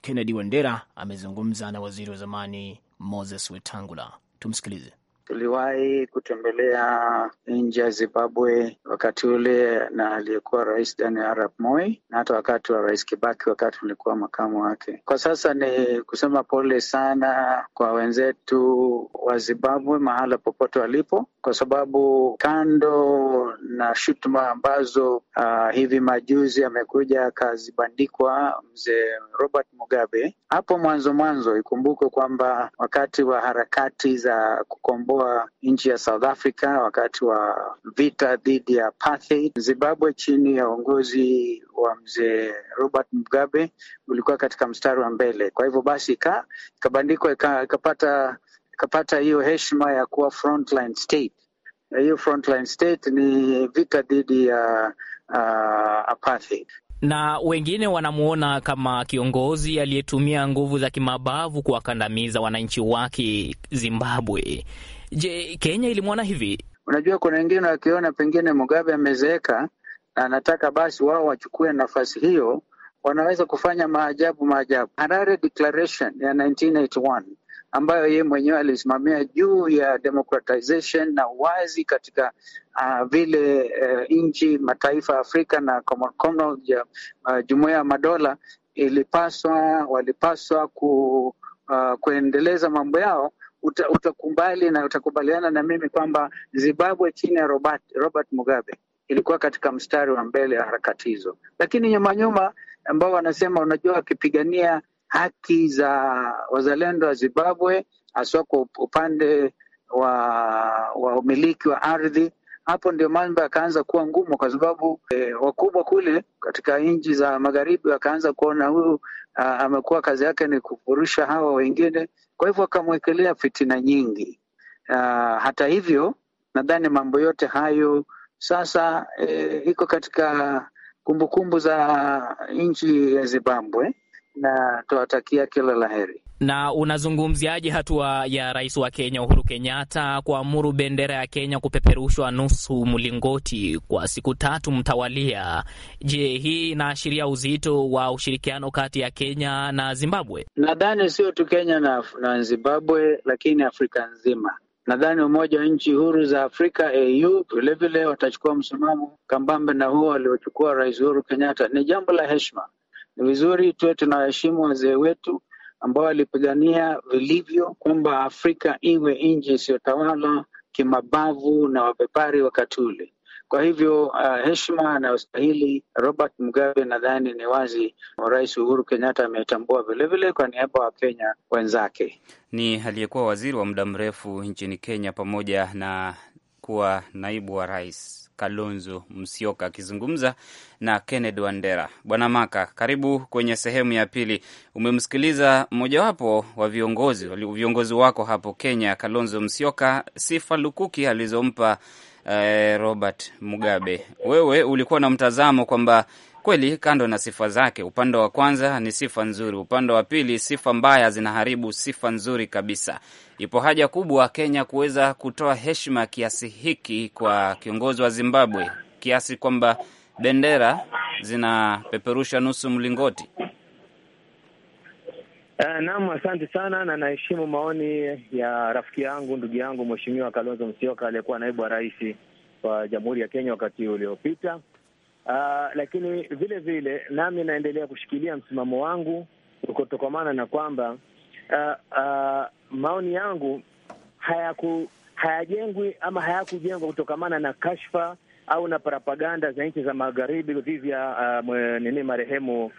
A: Kennedy Wandera amezungumza na waziri wa zamani Moses Wetangula. Tumsikilize.
F: Tuliwahi kutembelea nchi ya Zimbabwe wakati ule na aliyekuwa Rais Daniel Arap Moi na hata wakati wa Rais Kibaki wakati ulikuwa makamu wake. Kwa sasa ni kusema pole sana kwa wenzetu wa Zimbabwe mahala popote walipo, kwa sababu kando na shutuma ambazo uh, hivi majuzi amekuja akazibandikwa mzee Robert Mugabe hapo mwanzo mwanzo, ikumbukwe kwamba wakati wa harakati za kukomboa kuikomboa nchi ya South Africa wakati wa vita dhidi ya apartheid. Zimbabwe chini ya uongozi wa mzee Robert Mugabe ulikuwa katika mstari wa mbele. Kwa hivyo basi ikabandikwa ikapata ikapata hiyo heshima ya kuwa frontline state. Hiyo frontline state ni vita dhidi ya uh, apartheid
B: na wengine wanamuona kama kiongozi aliyetumia nguvu za kimabavu kuwakandamiza wananchi wake Zimbabwe. Je, Kenya ilimwona hivi?
F: Unajua, kuna wengine wakiona pengine Mugabe amezeeka na anataka basi wao wachukue nafasi hiyo, wanaweza kufanya maajabu maajabu. Harare Declaration ya 1981 ambayo yeye mwenyewe alisimamia juu ya democratization na uwazi katika uh, vile uh, nchi mataifa ya Afrika na Commonwealth ya uh, Jumuiya ya Madola ilipaswa walipaswa ku, uh, kuendeleza mambo yao uta, utakubali na utakubaliana na mimi kwamba Zimbabwe chini ya Robert, Robert Mugabe ilikuwa katika mstari wa mbele ya harakati hizo, lakini nyuma nyuma ambao wanasema unajua, wakipigania haki za wazalendo wa Zimbabwe haswa kwa upande wa, wa umiliki wa ardhi hapo ndio mambo yakaanza kuwa ngumu kwa sababu e, wakubwa kule katika nchi za magharibi wakaanza kuona huyu ah, amekuwa kazi yake ni kufurusha hawa wengine, kwa hivyo akamwekelea fitina nyingi. Uh, hata hivyo nadhani mambo yote hayo sasa eh, iko katika kumbukumbu za nchi ya Zimbabwe na tuwatakia kila la heri.
B: Na unazungumziaje hatua ya rais wa Kenya Uhuru Kenyatta kuamuru bendera ya Kenya kupeperushwa nusu mlingoti kwa siku tatu mtawalia? Je, hii inaashiria uzito wa ushirikiano kati ya Kenya na Zimbabwe?
F: Nadhani sio tu Kenya na, na Zimbabwe, lakini Afrika nzima. Nadhani Umoja wa Nchi Huru za Afrika AU vilevile watachukua msimamo kambambe na huo waliochukua Rais Uhuru Kenyatta. Ni jambo la heshima, ni vizuri tuwe tunaheshimu wazee wetu ambao walipigania vilivyo kwamba Afrika iwe nchi isiyotawala kimabavu na wabepari wakati ule. Kwa hivyo uh, heshima anayostahili Robert Mugabe nadhani ni wazi, Rais Uhuru Kenyatta ametambua vilevile kwa niaba wa Kenya wenzake.
B: Ni aliyekuwa waziri wa muda mrefu nchini Kenya pamoja na aliyekuwa naibu wa rais Kalonzo Musyoka akizungumza na Kennedy Wandera. Bwana Maka, karibu kwenye sehemu ya pili. Umemsikiliza mmojawapo wa viongozi viongozi wako hapo Kenya, Kalonzo Musyoka, sifa lukuki alizompa eh, Robert Mugabe. Wewe ulikuwa na mtazamo kwamba Kweli, kando na sifa zake, upande wa kwanza ni sifa nzuri, upande wa pili sifa mbaya zinaharibu sifa nzuri kabisa. Ipo haja kubwa Kenya kuweza kutoa heshima kiasi hiki kwa kiongozi wa Zimbabwe, kiasi kwamba bendera zinapeperusha nusu mlingoti.
D: Uh, naam, asante sana na naheshimu maoni ya rafiki yangu ndugu yangu Mheshimiwa Kalonzo Musyoka aliyekuwa naibu wa rais wa Jamhuri ya Kenya wakati uliopita. Uh, lakini vile vile nami naendelea kushikilia msimamo wangu kutokamana na kwamba uh, uh, maoni yangu hayaku hayajengwi ama hayakujengwa kutokamana na kashfa au na propaganda za nchi za magharibi dhidi ya uh, nini marehemu uh,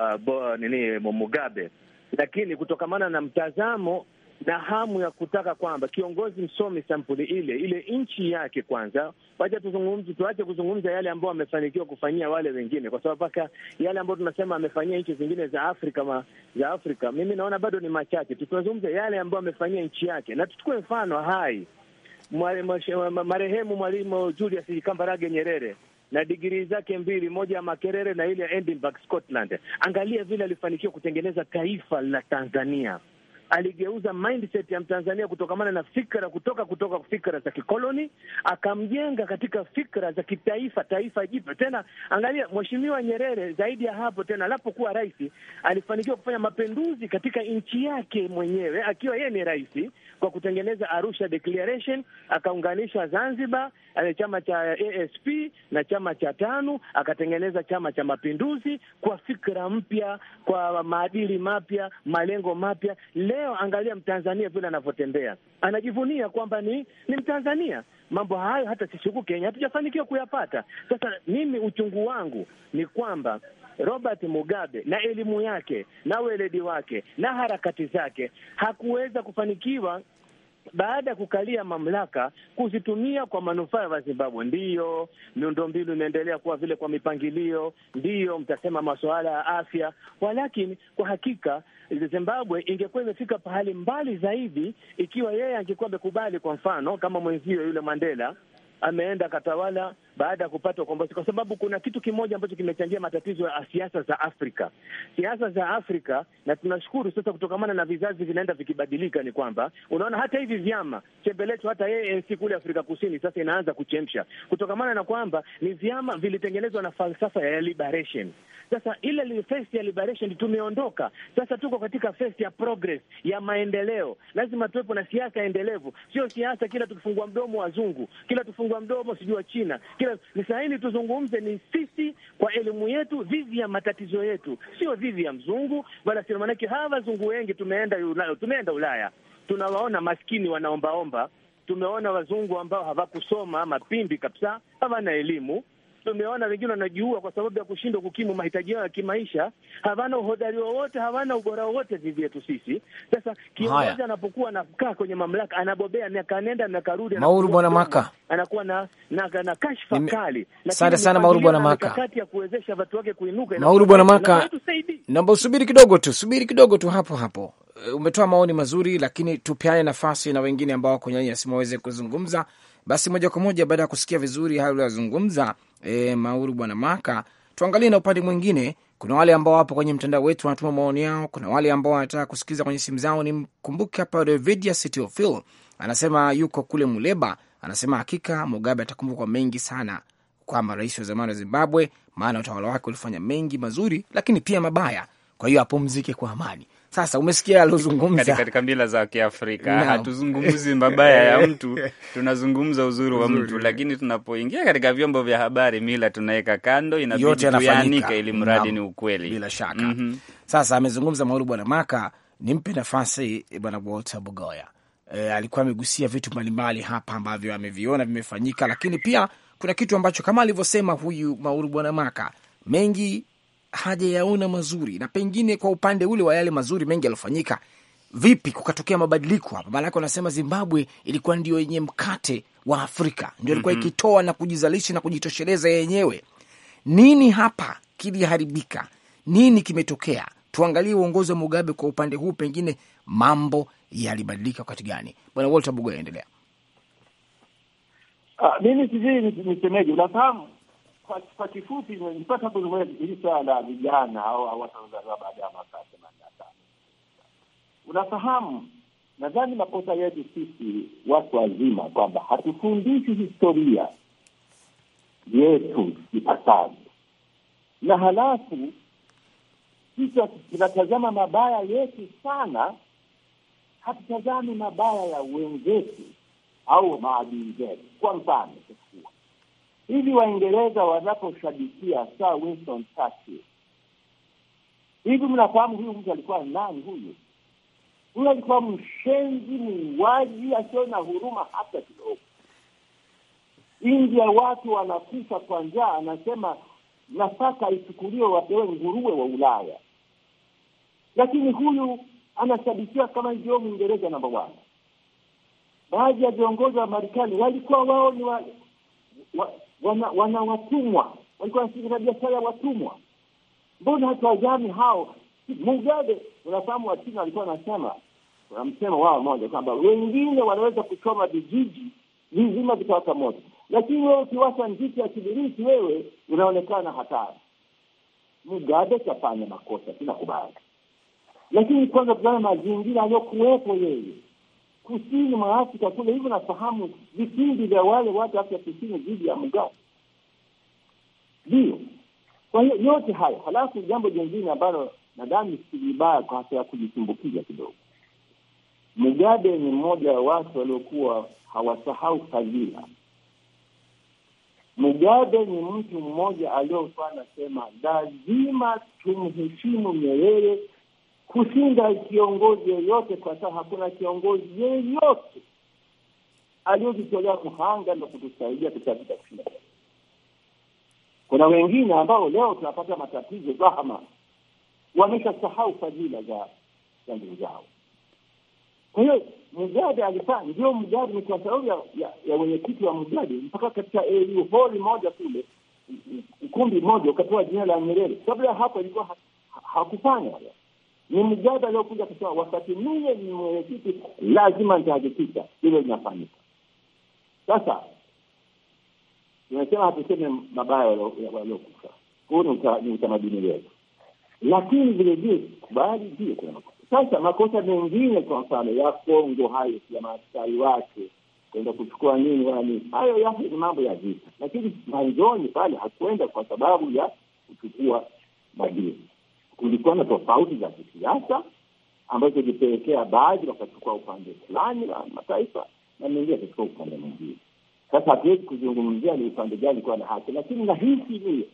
D: uh, bo, nini Mugabe, lakini kutokamana na mtazamo na hamu ya kutaka kwamba kiongozi msome sampuli ile ile nchi yake kwanza. Wacha tuzungumze, tuache kuzungumza yale ambayo amefanikiwa kufanyia wale wengine, kwa sababu mpaka yale ambayo tunasema amefanyia nchi zingine za Afrika ma, za Afrika, mimi naona bado ni machache. Tunazungumza yale ambayo amefanyia nchi yake, na tuchukue mfano hai marehemu Mwalimu Julius Kambarage Nyerere na digirii zake mbili, moja ya Makerere na ile ya Edinburgh, Scotland. Angalia vile alifanikiwa kutengeneza taifa la Tanzania aligeuza mindset ya Mtanzania kutokamana na fikra kutoka kutoka fikra za kikoloni, akamjenga katika fikra za kitaifa, taifa jipya. Tena angalia, Mheshimiwa Nyerere zaidi ya hapo tena, alipokuwa rais alifanikiwa kufanya mapinduzi katika nchi yake mwenyewe akiwa yeye ni rais, kwa kutengeneza Arusha Declaration, akaunganisha Zanzibar Eh, chama cha ASP na chama cha TANU, akatengeneza chama cha mapinduzi kwa fikra mpya, kwa maadili mapya, malengo mapya. Leo angalia Mtanzania vile anavyotembea, anajivunia kwamba ni ni Mtanzania. Mambo hayo hata sisi huku Kenya hatujafanikiwa kuyapata. Sasa mimi uchungu wangu ni kwamba Robert Mugabe na elimu yake na weledi wake na harakati zake hakuweza kufanikiwa baada ya kukalia mamlaka kuzitumia kwa manufaa ya Wazimbabwe. Ndiyo miundombinu inaendelea kuwa vile kwa mipangilio, ndiyo mtasema masuala ya afya, walakini kwa hakika Zimbabwe ingekuwa imefika pahali mbali zaidi ikiwa yeye angekuwa amekubali, kwa mfano kama mwenzio yule Mandela ameenda akatawala baada ya kupata ukombozi, kwa sababu kuna kitu kimoja ambacho kimechangia matatizo ya siasa za Afrika, siasa za Afrika. Na tunashukuru sasa, kutokamana na vizazi vinaenda vikibadilika, ni kwamba unaona hata hivi vyama chembelecho, hata yeye ANC kule Afrika Kusini sasa inaanza kuchemsha, kutokamana na kwamba ni vyama vilitengenezwa na falsafa ya liberation. Sasa ile fest ya liberation tumeondoka, sasa tuko katika fest ya progress, ya maendeleo. Lazima tuwepo na siasa endelevu, sio siasa kila tukifungua mdomo wazungu, kila tufungua kufungua mdomo, sijui wa China kila ni sahili. Tuzungumze ni sisi kwa elimu yetu dhidi ya matatizo yetu, sio dhidi ya mzungu, wala sio maanake. Hawa wazungu wengi tumeenda Ulaya, tumeenda Ulaya tunawaona maskini wanaombaomba tumeona wazungu ambao hawakusoma mapimbi kabisa, hawana elimu tumeona wengine wanajiua kwa sababu ya kushindwa kukimu mahitaji yao ya kimaisha. Hawana uhodari wowote, hawana ubora wowote dhidi yetu sisi. Sasa kiongozi anapokuwa anakaa kwenye mamlaka, anabobea miaka nenda miaka rudi, Mauru Bwana Maka anakuwa na na, na kashfa Nime... kali. Asante sana Mauru Bwana Maka, kati ya kuwezesha watu wake kuinuka. Mauru Bwana Maka,
A: naomba usubiri kidogo tu, subiri kidogo tu hapo hapo. Eh, umetoa maoni mazuri, lakini tupeane nafasi na wengine ambao wako nyanya simu waweze kuzungumza. Basi moja kwa moja baada ya kusikia vizuri hayo uliyozungumza, e, Mauru Bwana Maka, tuangalie na upande mwingine. Kuna wale ambao wapo kwenye mtandao wetu wanatuma maoni yao, kuna wale ambao wanataka kusikiliza kwenye simu zao. Ni mkumbuke hapa Revidia City of Phil anasema yuko kule Muleba, anasema hakika Mugabe atakumbukwa mengi sana kwamba rais wa zamani wa Zimbabwe, maana utawala wake ulifanya mengi mazuri, lakini pia mabaya. Kwa hiyo apumzike kwa amani. Sasa umesikia alozungumza katika
B: mila za Kiafrika no. Hatuzungumzi mabaya ya mtu, tunazungumza uzuri wa mtu, lakini tunapoingia katika vyombo vya habari mila tunaweka kando, inabidi tuyanike ili mradi ni ukweli, bila shaka mm
A: -hmm. Sasa amezungumza Mwauru Bwana Maka, nimpe nafasi eh, Bwana Walter Bugoya. E, eh, alikuwa amegusia vitu mbalimbali hapa ambavyo ameviona vimefanyika, lakini pia kuna kitu ambacho kama alivyosema huyu Mauru Bwana Maka mengi hajayaona mazuri, na pengine kwa upande ule wa yale mazuri mengi yaliyofanyika, vipi kukatokea mabadiliko hapa? Maanake wanasema Zimbabwe ilikuwa ndio yenye mkate wa Afrika, ndio ilikuwa mm -hmm. ikitoa na kujizalisha na kujitosheleza yenyewe. Nini hapa kiliharibika? Nini kimetokea? Tuangalie uongozi wa Mugabe kwa upande huu, pengine mambo yalibadilika wakati gani? Bwana Walter Bugo, yaendelea.
E: Ah, mimi sijui nisemeje. Unafahamu, kwa kifupi, nimepata kuzungumza hili swala la vijana au watu waliozaliwa baada ya mwaka themanini na tano. Unafahamu, nadhani makosa yetu sisi watu wazima kwamba hatufundishi historia yetu ipasavyo, na halafu sisi tunatazama mabaya yetu sana, hatutazami mabaya ya wenzetu au maadili zetu. Kwa mfano, hivi Waingereza wanaposhabikia Sir Winston Churchill, hivi mnafahamu huyu mtu alikuwa nani? Huyu huyu alikuwa mshenzi, muuaji, asiyo na huruma hata kidogo. India watu wanakufa kwa njaa, anasema nafaka ichukuliwe wapewe nguruwe wa Ulaya, lakini huyu anashabikiwa kama ndio Mwingereza namba wana Baadhi ya viongozi wa Marekani walikuwa wao ni wa, wa, wana, wana watumwa walikuwa na biashara ya watumwa. Mbona hata wajami hao? Mugabe, unafahamu Wachina walikuwa wanasema, kuna msemo wao moja kwamba wengine wanaweza kuchoma vijiji vizima vikawaka moto, lakini wewe ukiwasha njiti ya kibiriti, wewe unaonekana hatari. Mugabe kafanya makosa, tunakubali, lakini kwanza tuzame mazingira aliyokuwepo yeye kusini mwa Afrika kule hivyo, nafahamu vipindi vya wale watu Afrika kusini dhidi ya Mugabe, ndiyo. Kwa hiyo yote haya, halafu jambo jingine ambalo nadhani si vibaya kwa hasa ya kujitumbukiza kidogo, Mugabe ni mmoja wa watu waliokuwa hawasahau fadhila. Mugabe ni mtu mmoja aliyekuwa anasema lazima tumheshimu Nyerere kushinda kiongozi yoyote, kwa sababu hakuna kiongozi yeyote aliyojitolea kuhanga na kutusaidia kutafuta kushinda. Kuna wengine ambao leo tunapata matatizo dhahama, wameshasahau fadhila za za ndugu zao. Kwa hiyo Mugabe alifaa ndio Mugabe, ni kwa sababu ya, ya, ya wenyekiti wa Mugabe mpaka katika au holi moja kule ukumbi mmoja ukatoa jina la Nyerere. Kabla ya hapo ilikuwa hakufanya ha, ni mjadala aliokuja kusema wakati mie ni mwenyekiti, lazima nitahakikisha hilo linafanyika. Sasa tunasema hatuseme mabaya waliokufa, huu ni utamaduni wetu, lakini vilevile baadhi ndio kuna makosa. Sasa makosa mengine, kwa mfano ya Kongo, hayo ya maaskari wake kwenda kuchukua nini nini, hayo yake ni mambo ya vita, lakini mwanzoni pale hakwenda kwa sababu ya kuchukua madini kulikuwa na tofauti za kisiasa ambazo zilipelekea baadhi wakachukua upande fulani wa mataifa na mengine akachukua upande mwingine. Sasa hatuwezi kuzungumzia ni upande gani kuwa na haki, lakini nahisi hiyo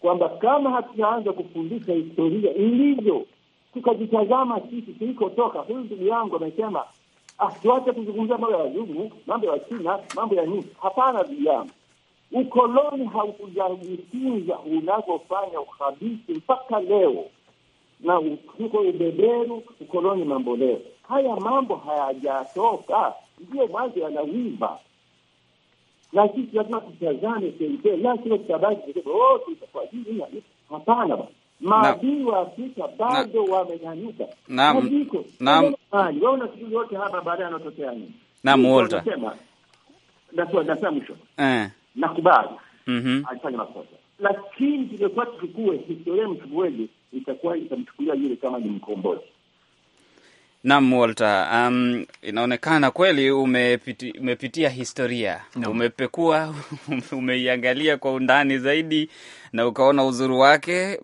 E: kwamba kama hatujaanza kufundisha historia ilivyo, tukajitazama sisi tulikotoka. Huyu ndugu yangu amesema ah, tuache kuzungumzia mambo ya wazungu, mambo ya China, mambo ya nini. Hapana, ndugu yangu, Ukoloni haukujaguguza unavyofanya uhabisi mpaka leo, na uko ubeberu, ukoloni mambo leo. Haya mambo hayajatoka, ndiyo mwanzo yanawimba na sisi lazima tutazame lazima tutabaki oh, hapana. Maadili wa Afrika bado wamenyanyuka. Waona yote hapa baadaye anatokea nini? Nasema mwisho nakubali mm -hmm. alifanya makosa, lakini tumekuwa tukikue historia mchukueje itakuwa itamchukulia yule kama ni mkombozi.
B: Nam Walter, um, inaonekana kweli umepiti, umepitia historia no. Umepekua, umeiangalia kwa undani zaidi na ukaona uzuri wake,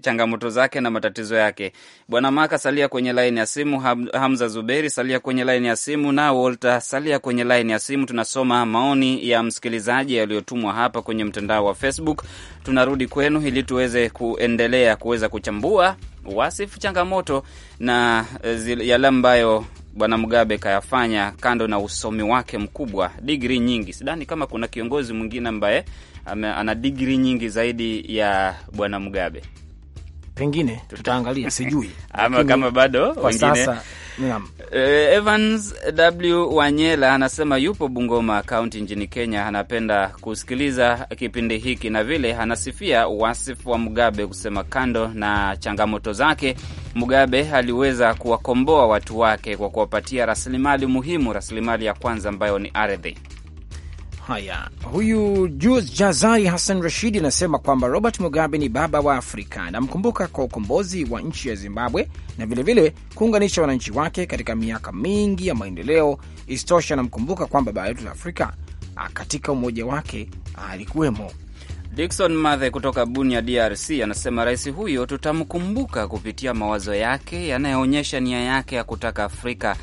B: changamoto zake na matatizo yake. Bwana Maka, salia kwenye laini ya simu. Hamza Zuberi, salia kwenye laini ya simu, na Walter, salia kwenye laini ya simu. Tunasoma maoni ya msikilizaji yaliyotumwa hapa kwenye mtandao wa Facebook. Tunarudi kwenu ili tuweze kuendelea kuweza kuchambua wasifu changamoto na eh, yale ambayo Bwana Mugabe kayafanya, kando na usomi wake mkubwa, digri nyingi. Sidhani kama kuna kiongozi mwingine ambaye ana digri nyingi zaidi ya Bwana Mugabe. Pengine tutaangalia, sijui ama kama bado wengine sasa Naam. Eh, Evans W Wanyela anasema yupo Bungoma Kaunti nchini Kenya, anapenda kusikiliza kipindi hiki na vile anasifia wasifu wa Mugabe kusema kando na changamoto zake, Mugabe aliweza kuwakomboa watu wake kwa kuwapatia rasilimali muhimu, rasilimali ya kwanza ambayo ni ardhi. Haya,
A: huyu Jus Jazari Hassan Rashidi anasema kwamba Robert Mugabe ni baba wa Afrika, namkumbuka kwa ukombozi wa nchi ya Zimbabwe na vilevile kuunganisha wananchi wake katika miaka mingi ya maendeleo. istosha anamkumbuka kwamba bara letu la Afrika katika umoja wake alikuwemo.
B: Dikson Mathe kutoka Bunia, DRC, anasema rais huyo tutamkumbuka kupitia mawazo yake yanayoonyesha nia yake ya kutaka Afrika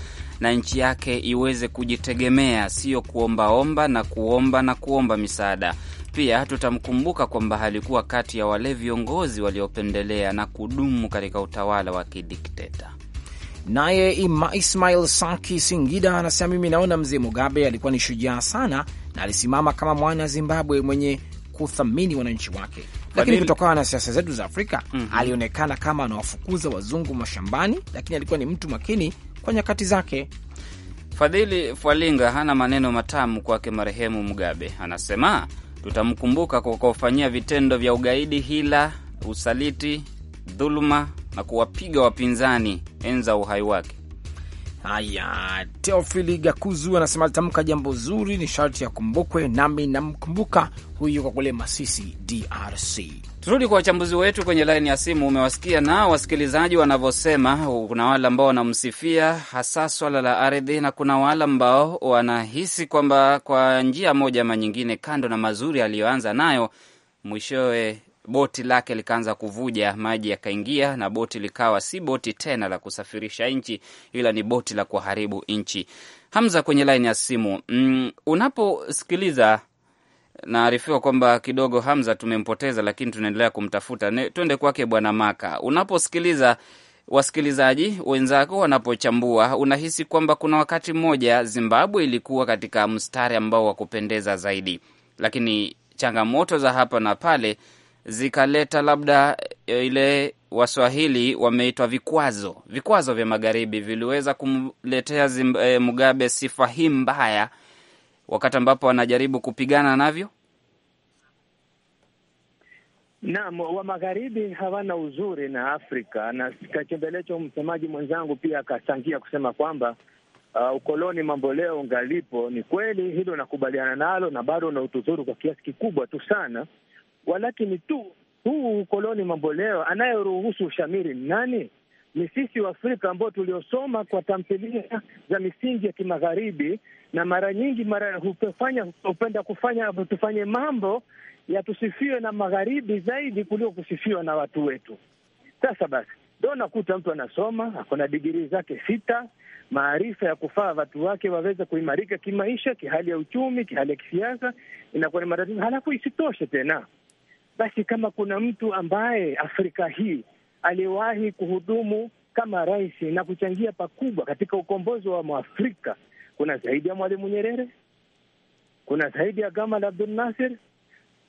B: na nchi yake iweze kujitegemea, sio kuombaomba na kuomba na kuomba misaada. Pia tutamkumbuka kwamba alikuwa kati ya wale viongozi waliopendelea na kudumu katika utawala wa kidikteta.
A: Naye Ismail Saki Singida anasema mimi naona mzee Mugabe alikuwa ni shujaa sana na alisimama kama mwana Zimbabwe mwenye kuthamini wananchi wake, lakini kutokana na siasa zetu za Afrika mm -hmm. alionekana kama anawafukuza wazungu mashambani, lakini alikuwa ni mtu makini kwa nyakati zake.
B: Fadhili Fwalinga hana maneno matamu kwake marehemu Mugabe. Anasema tutamkumbuka kwa kuwafanyia vitendo vya ugaidi, hila, usaliti, dhuluma na kuwapiga wapinzani enza uhai wake. Haya,
A: Teofili Gakuzu anasema alitamka jambo zuri, ni sharti ya kumbukwe, nami namkumbuka huyu kwa kule Masisi, DRC.
B: Turudi kwa wachambuzi wetu kwenye laini ya simu. Umewasikia na wasikilizaji wanavyosema. Kuna wale ambao wanamsifia hasa swala la ardhi, na kuna wale ambao wanahisi kwamba kwa njia moja ama nyingine, kando na mazuri aliyoanza nayo, mwishowe boti lake likaanza kuvuja, maji yakaingia, na boti likawa si boti tena la kusafirisha nchi, ila ni boti la kuharibu nchi. Hamza, kwenye laini ya simu, mm, unaposikiliza naarifiwa kwamba kidogo Hamza tumempoteza, lakini tunaendelea kumtafuta. Twende kwake Bwana Maka. Unaposikiliza wasikilizaji wenzako wanapochambua, unahisi kwamba kuna wakati mmoja Zimbabwe ilikuwa katika mstari ambao wa kupendeza zaidi, lakini changamoto za hapa na pale zikaleta labda e, ile Waswahili wameitwa vikwazo, vikwazo vya magharibi viliweza kumletea e, Mugabe sifa hii mbaya wakati ambapo wanajaribu kupigana navyo?
D: Naam, wa magharibi hawana uzuri na Afrika, na kachembelecho msemaji mwenzangu pia akachangia kusema kwamba uh, ukoloni mambo leo ungalipo. Ni kweli hilo, nakubaliana nalo, na bado na utuzuru kwa kiasi kikubwa tu sana, walakini tu huu ukoloni mambo leo anayeruhusu ushamiri nani? ni sisi Waafrika ambao tuliosoma kwa tamthilia za misingi ya kimagharibi, na mara nyingi mara hupenda hupenda kufanya tufanye mambo ya tusifiwe na magharibi zaidi kuliko kusifiwa na watu wetu. Sasa basi, ndo nakuta mtu anasoma ako na digirii zake sita, maarifa ya kufaa watu wake waweze kuimarika kimaisha, kihali ya uchumi, kihali ya kisiasa, inakuwa ni matatizo. Halafu isitoshe tena basi, kama kuna mtu ambaye Afrika hii aliyewahi kuhudumu kama rais na kuchangia pakubwa katika ukombozi wa Mwafrika. Kuna zaidi ya Mwalimu Nyerere, kuna zaidi ya Gamal Abdul Nasir,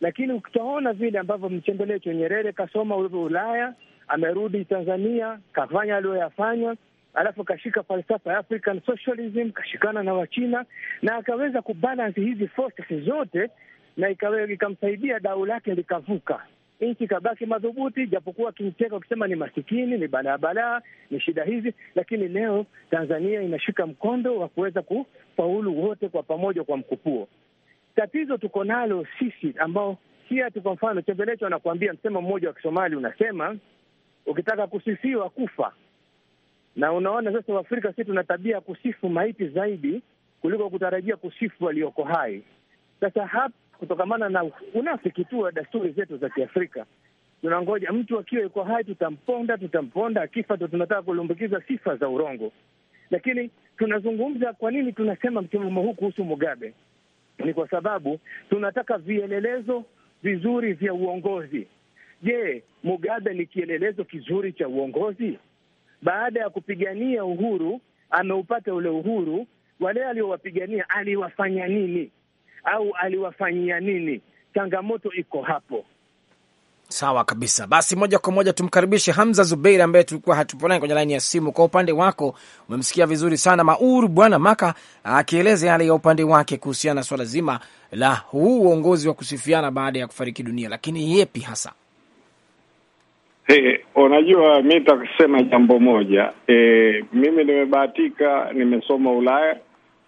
D: lakini utaona vile ambavyo mchembelecho Nyerere kasoma Ulaya, amerudi Tanzania, kafanya aliyoyafanya alafu kashika falsafa ya African socialism, kashikana na Wachina na akaweza kubalansi hizi forces zote, na ikawe, ikamsaidia dau lake likavuka nchi ikabaki madhubuti, japokuwa akimcheka ukisema ni masikini, ni balaa ni shida hizi, lakini leo Tanzania inashika mkondo wa kuweza kufaulu wote kwa pamoja kwa mkupuo. Tatizo tuko nalo sisi ambao si ati, kwa mfano Chembelecho anakuambia msemo mmoja wa Kisomali unasema, ukitaka kusifiwa kufa. Na unaona sasa, Waafrika sisi tuna tabia ya kusifu maiti zaidi kuliko kutarajia kusifu walioko hai. Sasa hapa kutokamana na unafiki tu wa desturi zetu za Kiafrika. Tunangoja mtu akiwa yuko hai, tutamponda tutamponda, akifa ndo tunataka kulumbukiza sifa za urongo. Lakini tunazungumza, kwa nini tunasema msimamo huu kuhusu Mugabe? Ni kwa sababu tunataka vielelezo vizuri vya uongozi. Je, Mugabe ni kielelezo kizuri cha uongozi? Baada ya kupigania uhuru, ameupata ule uhuru, wale aliowapigania aliwafanya nini? au aliwafanyia nini? Changamoto iko hapo.
A: Sawa kabisa. Basi moja kwa moja tumkaribishe Hamza Zubeiri ambaye tulikuwa hatupo naye kwenye laini ya simu. Kwa upande wako umemsikia vizuri sana Mauru Bwana Maka akieleza yale ya upande wake kuhusiana na swala zima la huu uongozi wa kusifiana baada ya kufariki dunia, lakini yepi hasa?
C: Hey, eh, unajua mi takusema jambo moja. Hey, eh, mimi nimebahatika nimesoma Ulaya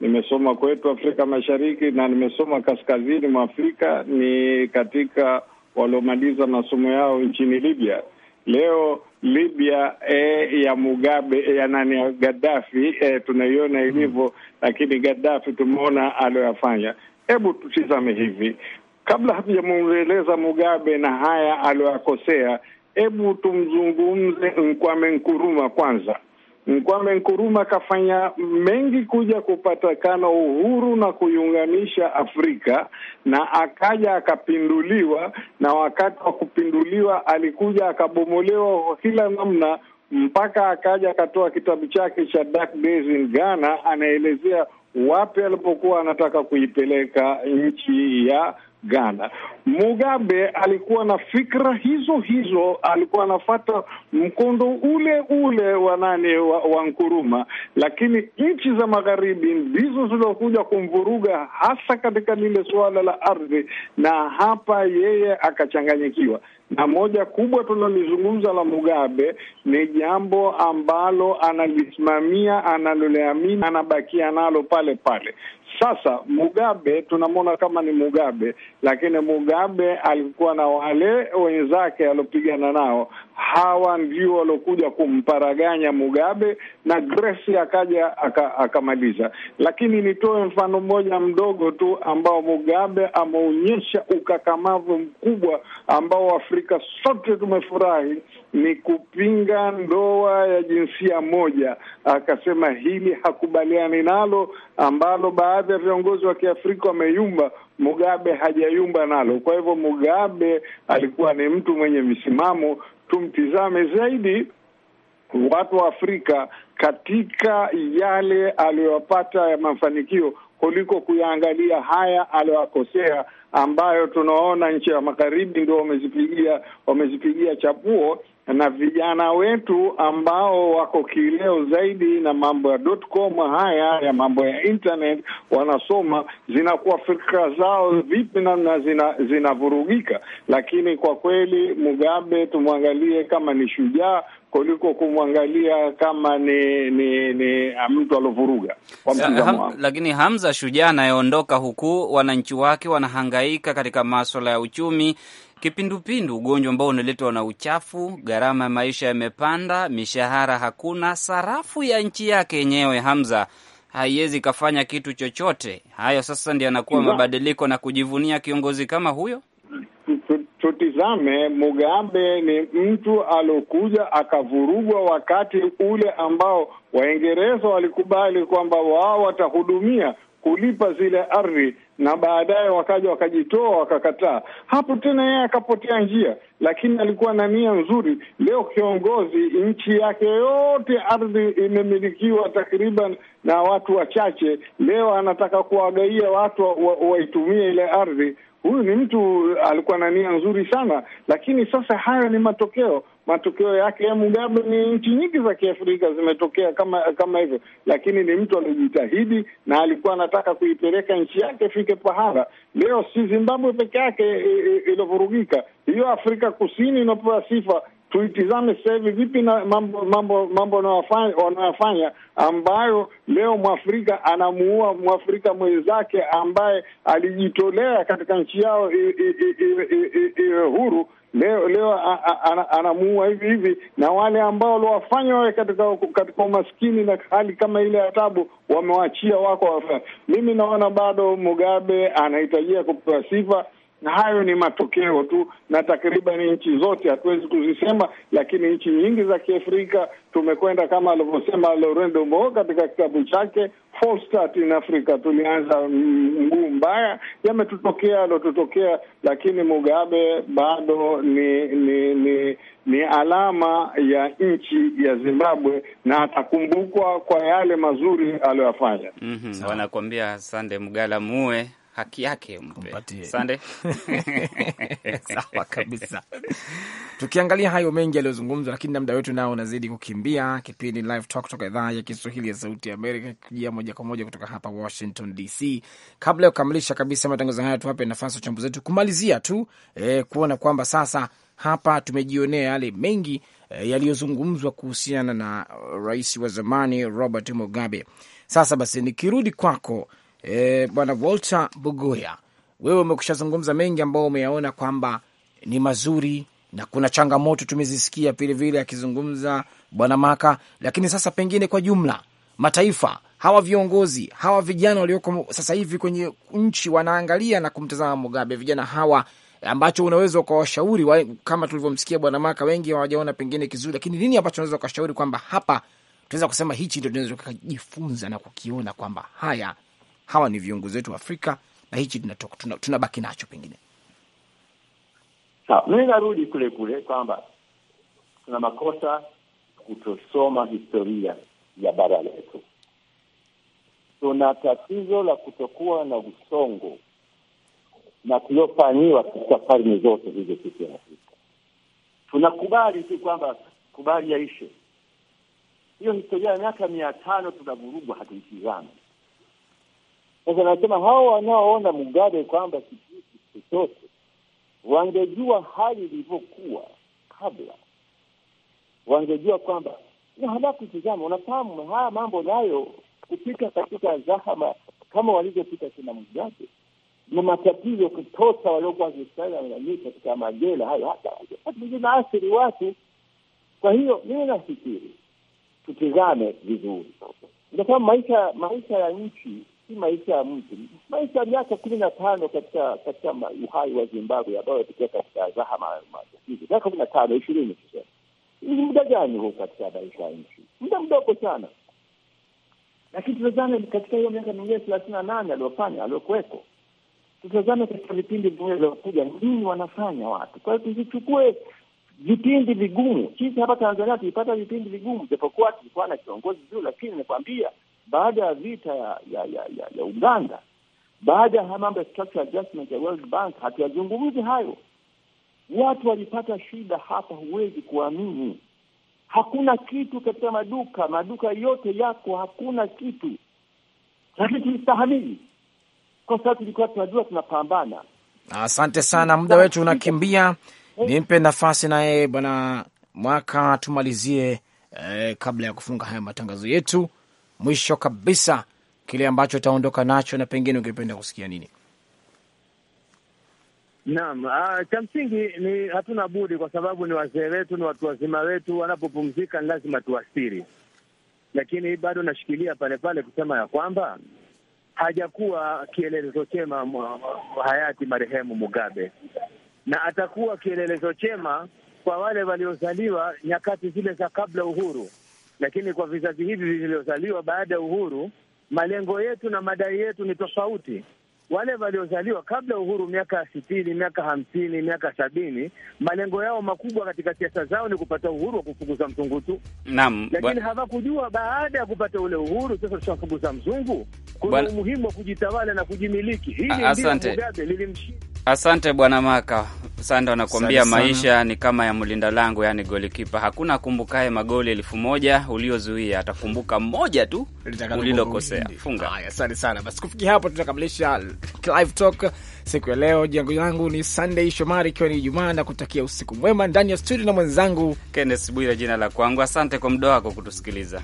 C: nimesoma kwetu Afrika Mashariki na nimesoma kaskazini mwa Afrika, ni katika waliomaliza masomo yao nchini Libya. Leo Libya e, ya Mugabe e, ya nani ya Gaddafi e, tunaiona ilivyo, lakini Gaddafi tumeona aliyoyafanya. Hebu tutizame hivi, kabla hatujamueleza Mugabe na haya aliyoyakosea, hebu tumzungumze Nkwame Nkuruma kwanza. Nkwame Nkuruma akafanya mengi kuja kupatikana uhuru na kuiunganisha Afrika, na akaja akapinduliwa, na wakati wa kupinduliwa alikuja akabomolewa kwa kila namna mpaka akaja akatoa kitabu chake cha Dark Days in Ghana, anaelezea wapi alipokuwa anataka kuipeleka nchi ya Ghana. Mugabe alikuwa na fikra hizo hizo, alikuwa anafata mkondo ule ule wa nani wa, wa Nkuruma, lakini nchi za magharibi ndizo zilizokuja kumvuruga hasa katika lile suala la ardhi, na hapa yeye akachanganyikiwa na moja kubwa tunalizungumza la Mugabe ni jambo ambalo analisimamia, analoliamini, anabakia nalo pale pale. Sasa Mugabe tunamwona kama ni Mugabe, lakini Mugabe alikuwa na wale wenzake aliopigana nao. Hawa ndio waliokuja kumparaganya Mugabe na gresi akaja akamaliza. Lakini nitoe mfano mmoja mdogo tu ambao Mugabe ameonyesha ukakamavu mkubwa ambao Afrika sote tumefurahi, ni kupinga ndoa ya jinsia moja. Akasema hili hakubaliani nalo, ambalo baadhi ya viongozi wa Kiafrika wameyumba, Mugabe hajayumba nalo. Kwa hivyo Mugabe alikuwa ni mtu mwenye misimamo. Tumtizame zaidi watu wa Afrika katika yale aliyopata ya mafanikio kuliko kuyaangalia haya aliyowakosea, ambayo tunaona nchi ya magharibi ndio wamezipigia wamezipigia chapuo na vijana wetu ambao wako kileo zaidi na mambo ya dotcom haya ya mambo ya internet, wanasoma zinakuwa fikra zao vipi, namna zinavurugika zina. Lakini kwa kweli Mugabe tumwangalie kama ni shujaa kuliko kumwangalia kama ni ni, ni ah, mtu alovuruga kwa mtazamo wangu.
B: Lakini Hamza Shujaa anayeondoka huku wananchi wake wanahangaika katika maswala ya uchumi, kipindupindu, ugonjwa ambao unaletwa na uchafu, gharama ya maisha yamepanda, mishahara hakuna, sarafu ya nchi yake yenyewe Hamza haiwezi kafanya kitu chochote. Hayo sasa ndio yanakuwa mabadiliko na kujivunia kiongozi kama huyo
C: tutizame, Mugabe ni mtu alokuja akavurugwa wakati ule ambao Waingereza walikubali kwamba wao watahudumia kulipa zile ardhi na baadaye wakaja wakajitoa wakakataa. Hapo tena yeye akapotea njia, lakini alikuwa na nia nzuri. Leo kiongozi nchi yake yote ardhi imemilikiwa takriban na watu wachache, leo anataka kuwagaia watu waitumie wa, wa ile ardhi huyu ni mtu uh, alikuwa na nia nzuri sana, lakini sasa haya ni matokeo matokeo yake ya Mugabe. Ni nchi nyingi za Kiafrika zimetokea kama kama hivyo, lakini ni mtu alijitahidi na alikuwa anataka kuipeleka nchi yake ifike pahala. Leo si Zimbabwe peke yake iliyovurugika, hiyo Afrika Kusini inapewa sifa tuitizame sasa hivi vipi na mambo mambo mambo wanayofanya ambayo leo Mwafrika anamuua Mwafrika mwenzake ambaye alijitolea katika nchi yao iwe huru. Leo leo anamuua hivi hivi, na wale ambao waliwafanya wawe katika katika umaskini na hali kama ile ya tabu, wamewaachia wako wafanya. Mimi naona bado Mugabe anahitajia kupewa sifa na hayo ni matokeo tu, na takriban nchi zote, hatuwezi kuzisema, lakini nchi nyingi za Kiafrika tumekwenda kama alivyosema Laurent Mo katika kitabu chake False Start in Africa, tulianza mguu mbaya, yametutokea alotutokea, lakini Mugabe bado ni ni ni ni alama ya nchi ya Zimbabwe na atakumbukwa kwa yale mazuri
B: aliyoyafanya. mm -hmm. Wanakuambia sande mgala muue haki yake mpe. Sawa kabisa.
A: Tukiangalia hayo mengi yaliyozungumzwa, lakini na muda wetu nao unazidi kukimbia. Kipindi Live Talk kutoka idhaa ya Kiswahili ya Sauti ya Amerika kikujia moja kwa moja kutoka hapa Washington DC. Kabla ya kukamilisha kabisa matangazo haya, tuwape nafasi wachambuzi wetu kumalizia tu eh, kuona kwamba sasa hapa tumejionea yale mengi eh, yaliyozungumzwa kuhusiana na uh, rais wa zamani Robert Mugabe. Sasa basi nikirudi kwako e, bwana Walter Buguya, wewe umekushazungumza mengi ambao umeyaona kwamba ni mazuri na kuna changamoto tumezisikia vilevile akizungumza bwana Maka, lakini sasa pengine kwa jumla mataifa hawa viongozi hawa vijana walioko sasa hivi kwenye nchi wanaangalia na kumtazama Mugabe, vijana hawa ambacho unaweza ukawashauri wa, kama tulivyomsikia bwana Maka, wengi hawajaona pengine kizuri, lakini nini ambacho unaweza ukashauri kwamba hapa tunaweza kusema hichi ndio tunaweza tukajifunza na kukiona kwamba haya hawa ni viongozi wetu wa Afrika na hichi tunabaki tuna, tuna nacho pengine.
E: Sawa, mimi narudi kule kule kwamba tuna makosa kutosoma historia ya bara letu. Tuna tatizo la kutokuwa na usongo na tuliofanyiwa katika karne zote hizo. Sisi Afrika tunakubali tu kwamba kubali yaishe hiyo historia ya miaka mia tano, tunavurugwa hatuitizami sasa nasema hao wanaoona Mugabe kwamba kitu chochote, wangejua hali ilivyokuwa kabla, wangejua kwamba na halafu, tizama, unafahamu haya mambo nayo kupita katika zahama kama walivyopita kina Mugabe na matatizo kutosa waliokuwa wakistahili katika majela hayo, hata athiri watu. Kwa hiyo mimi nafikiri tutizame vizuri, ndio kama maisha maisha ya nchi si maisha ya mtu, maisha ya miaka kumi na tano katika katika uhai wa Zimbabwe ambayo apitia katika zahama matatizo, miaka kumi na tano ishirini kusema ni muda gani huu katika maisha ya nchi? Muda mdogo sana, lakini tutazame katika hiyo miaka mingine thelathini na nane aliyofanya aliokuweko, tutazame katika vipindi vingine vyokuja, nini wanafanya watu. Kwa hiyo vipindi vigumu. Sisi hapa Tanzania tulipata vipindi vigumu, japokuwa tulikuwa na kiongozi juu, lakini nakwambia baada ya vita ya ya, ya, ya, ya Uganda, baada ya mambo ya structural adjustment ya World Bank, hatuyazungumzi hayo. Watu walipata shida hapa, huwezi kuamini. Hakuna kitu katika maduka, maduka yote yako, hakuna kitu, lakini tulistahamili kwa sababu tulikuwa tunajua tunapambana.
A: Asante sana, muda wetu unakimbia. Eh. Nimpe nafasi naye Bwana Mwaka tumalizie eh, kabla ya kufunga haya matangazo yetu mwisho kabisa kile ambacho utaondoka nacho na pengine ungependa kusikia nini?
D: Naam, ah, cha msingi ni hatuna budi, kwa sababu ni wazee wetu, ni watu wazima wetu, wanapopumzika ni lazima tuasiri lakini bado nashikilia pale pale kusema ya kwamba hajakuwa kielelezo chema hayati marehemu Mugabe, na atakuwa kielelezo chema kwa wale waliozaliwa nyakati zile za kabla uhuru lakini kwa vizazi hivi vilivyozaliwa baada ya uhuru, malengo yetu na madai yetu ni tofauti. Wale waliozaliwa kabla ya uhuru, miaka sitini, miaka hamsini, miaka sabini, malengo yao makubwa katika siasa zao ni kupata uhuru wa kufukuza mzungu tu.
B: Naam, lakini
D: hawakujua baada ya kupata ule uhuru, sasa tutamfukuza mzungu. Kuna umuhimu wa kujitawala na kujimiliki. Hili ndio Mugabe lilimshinda
B: Asante bwana Maka Sande, wanakuambia maisha ni kama ya mlinda lango, yaani golikipa. Hakuna akumbukaye magoli elfu moja uliozuia, atakumbuka moja tu ulilokosea. Funga. Haya, asante sana. Basi
A: kufikia hapo, tutakamilisha live talk siku ya leo. Jangu langu ni Sunday Shomari, ikiwa ni Ijumaa, na kutakia usiku mwema ndani ya studio na mwenzangu
B: Kenneth Bwire, jina la kwangu. Asante kwa muda wako kutusikiliza.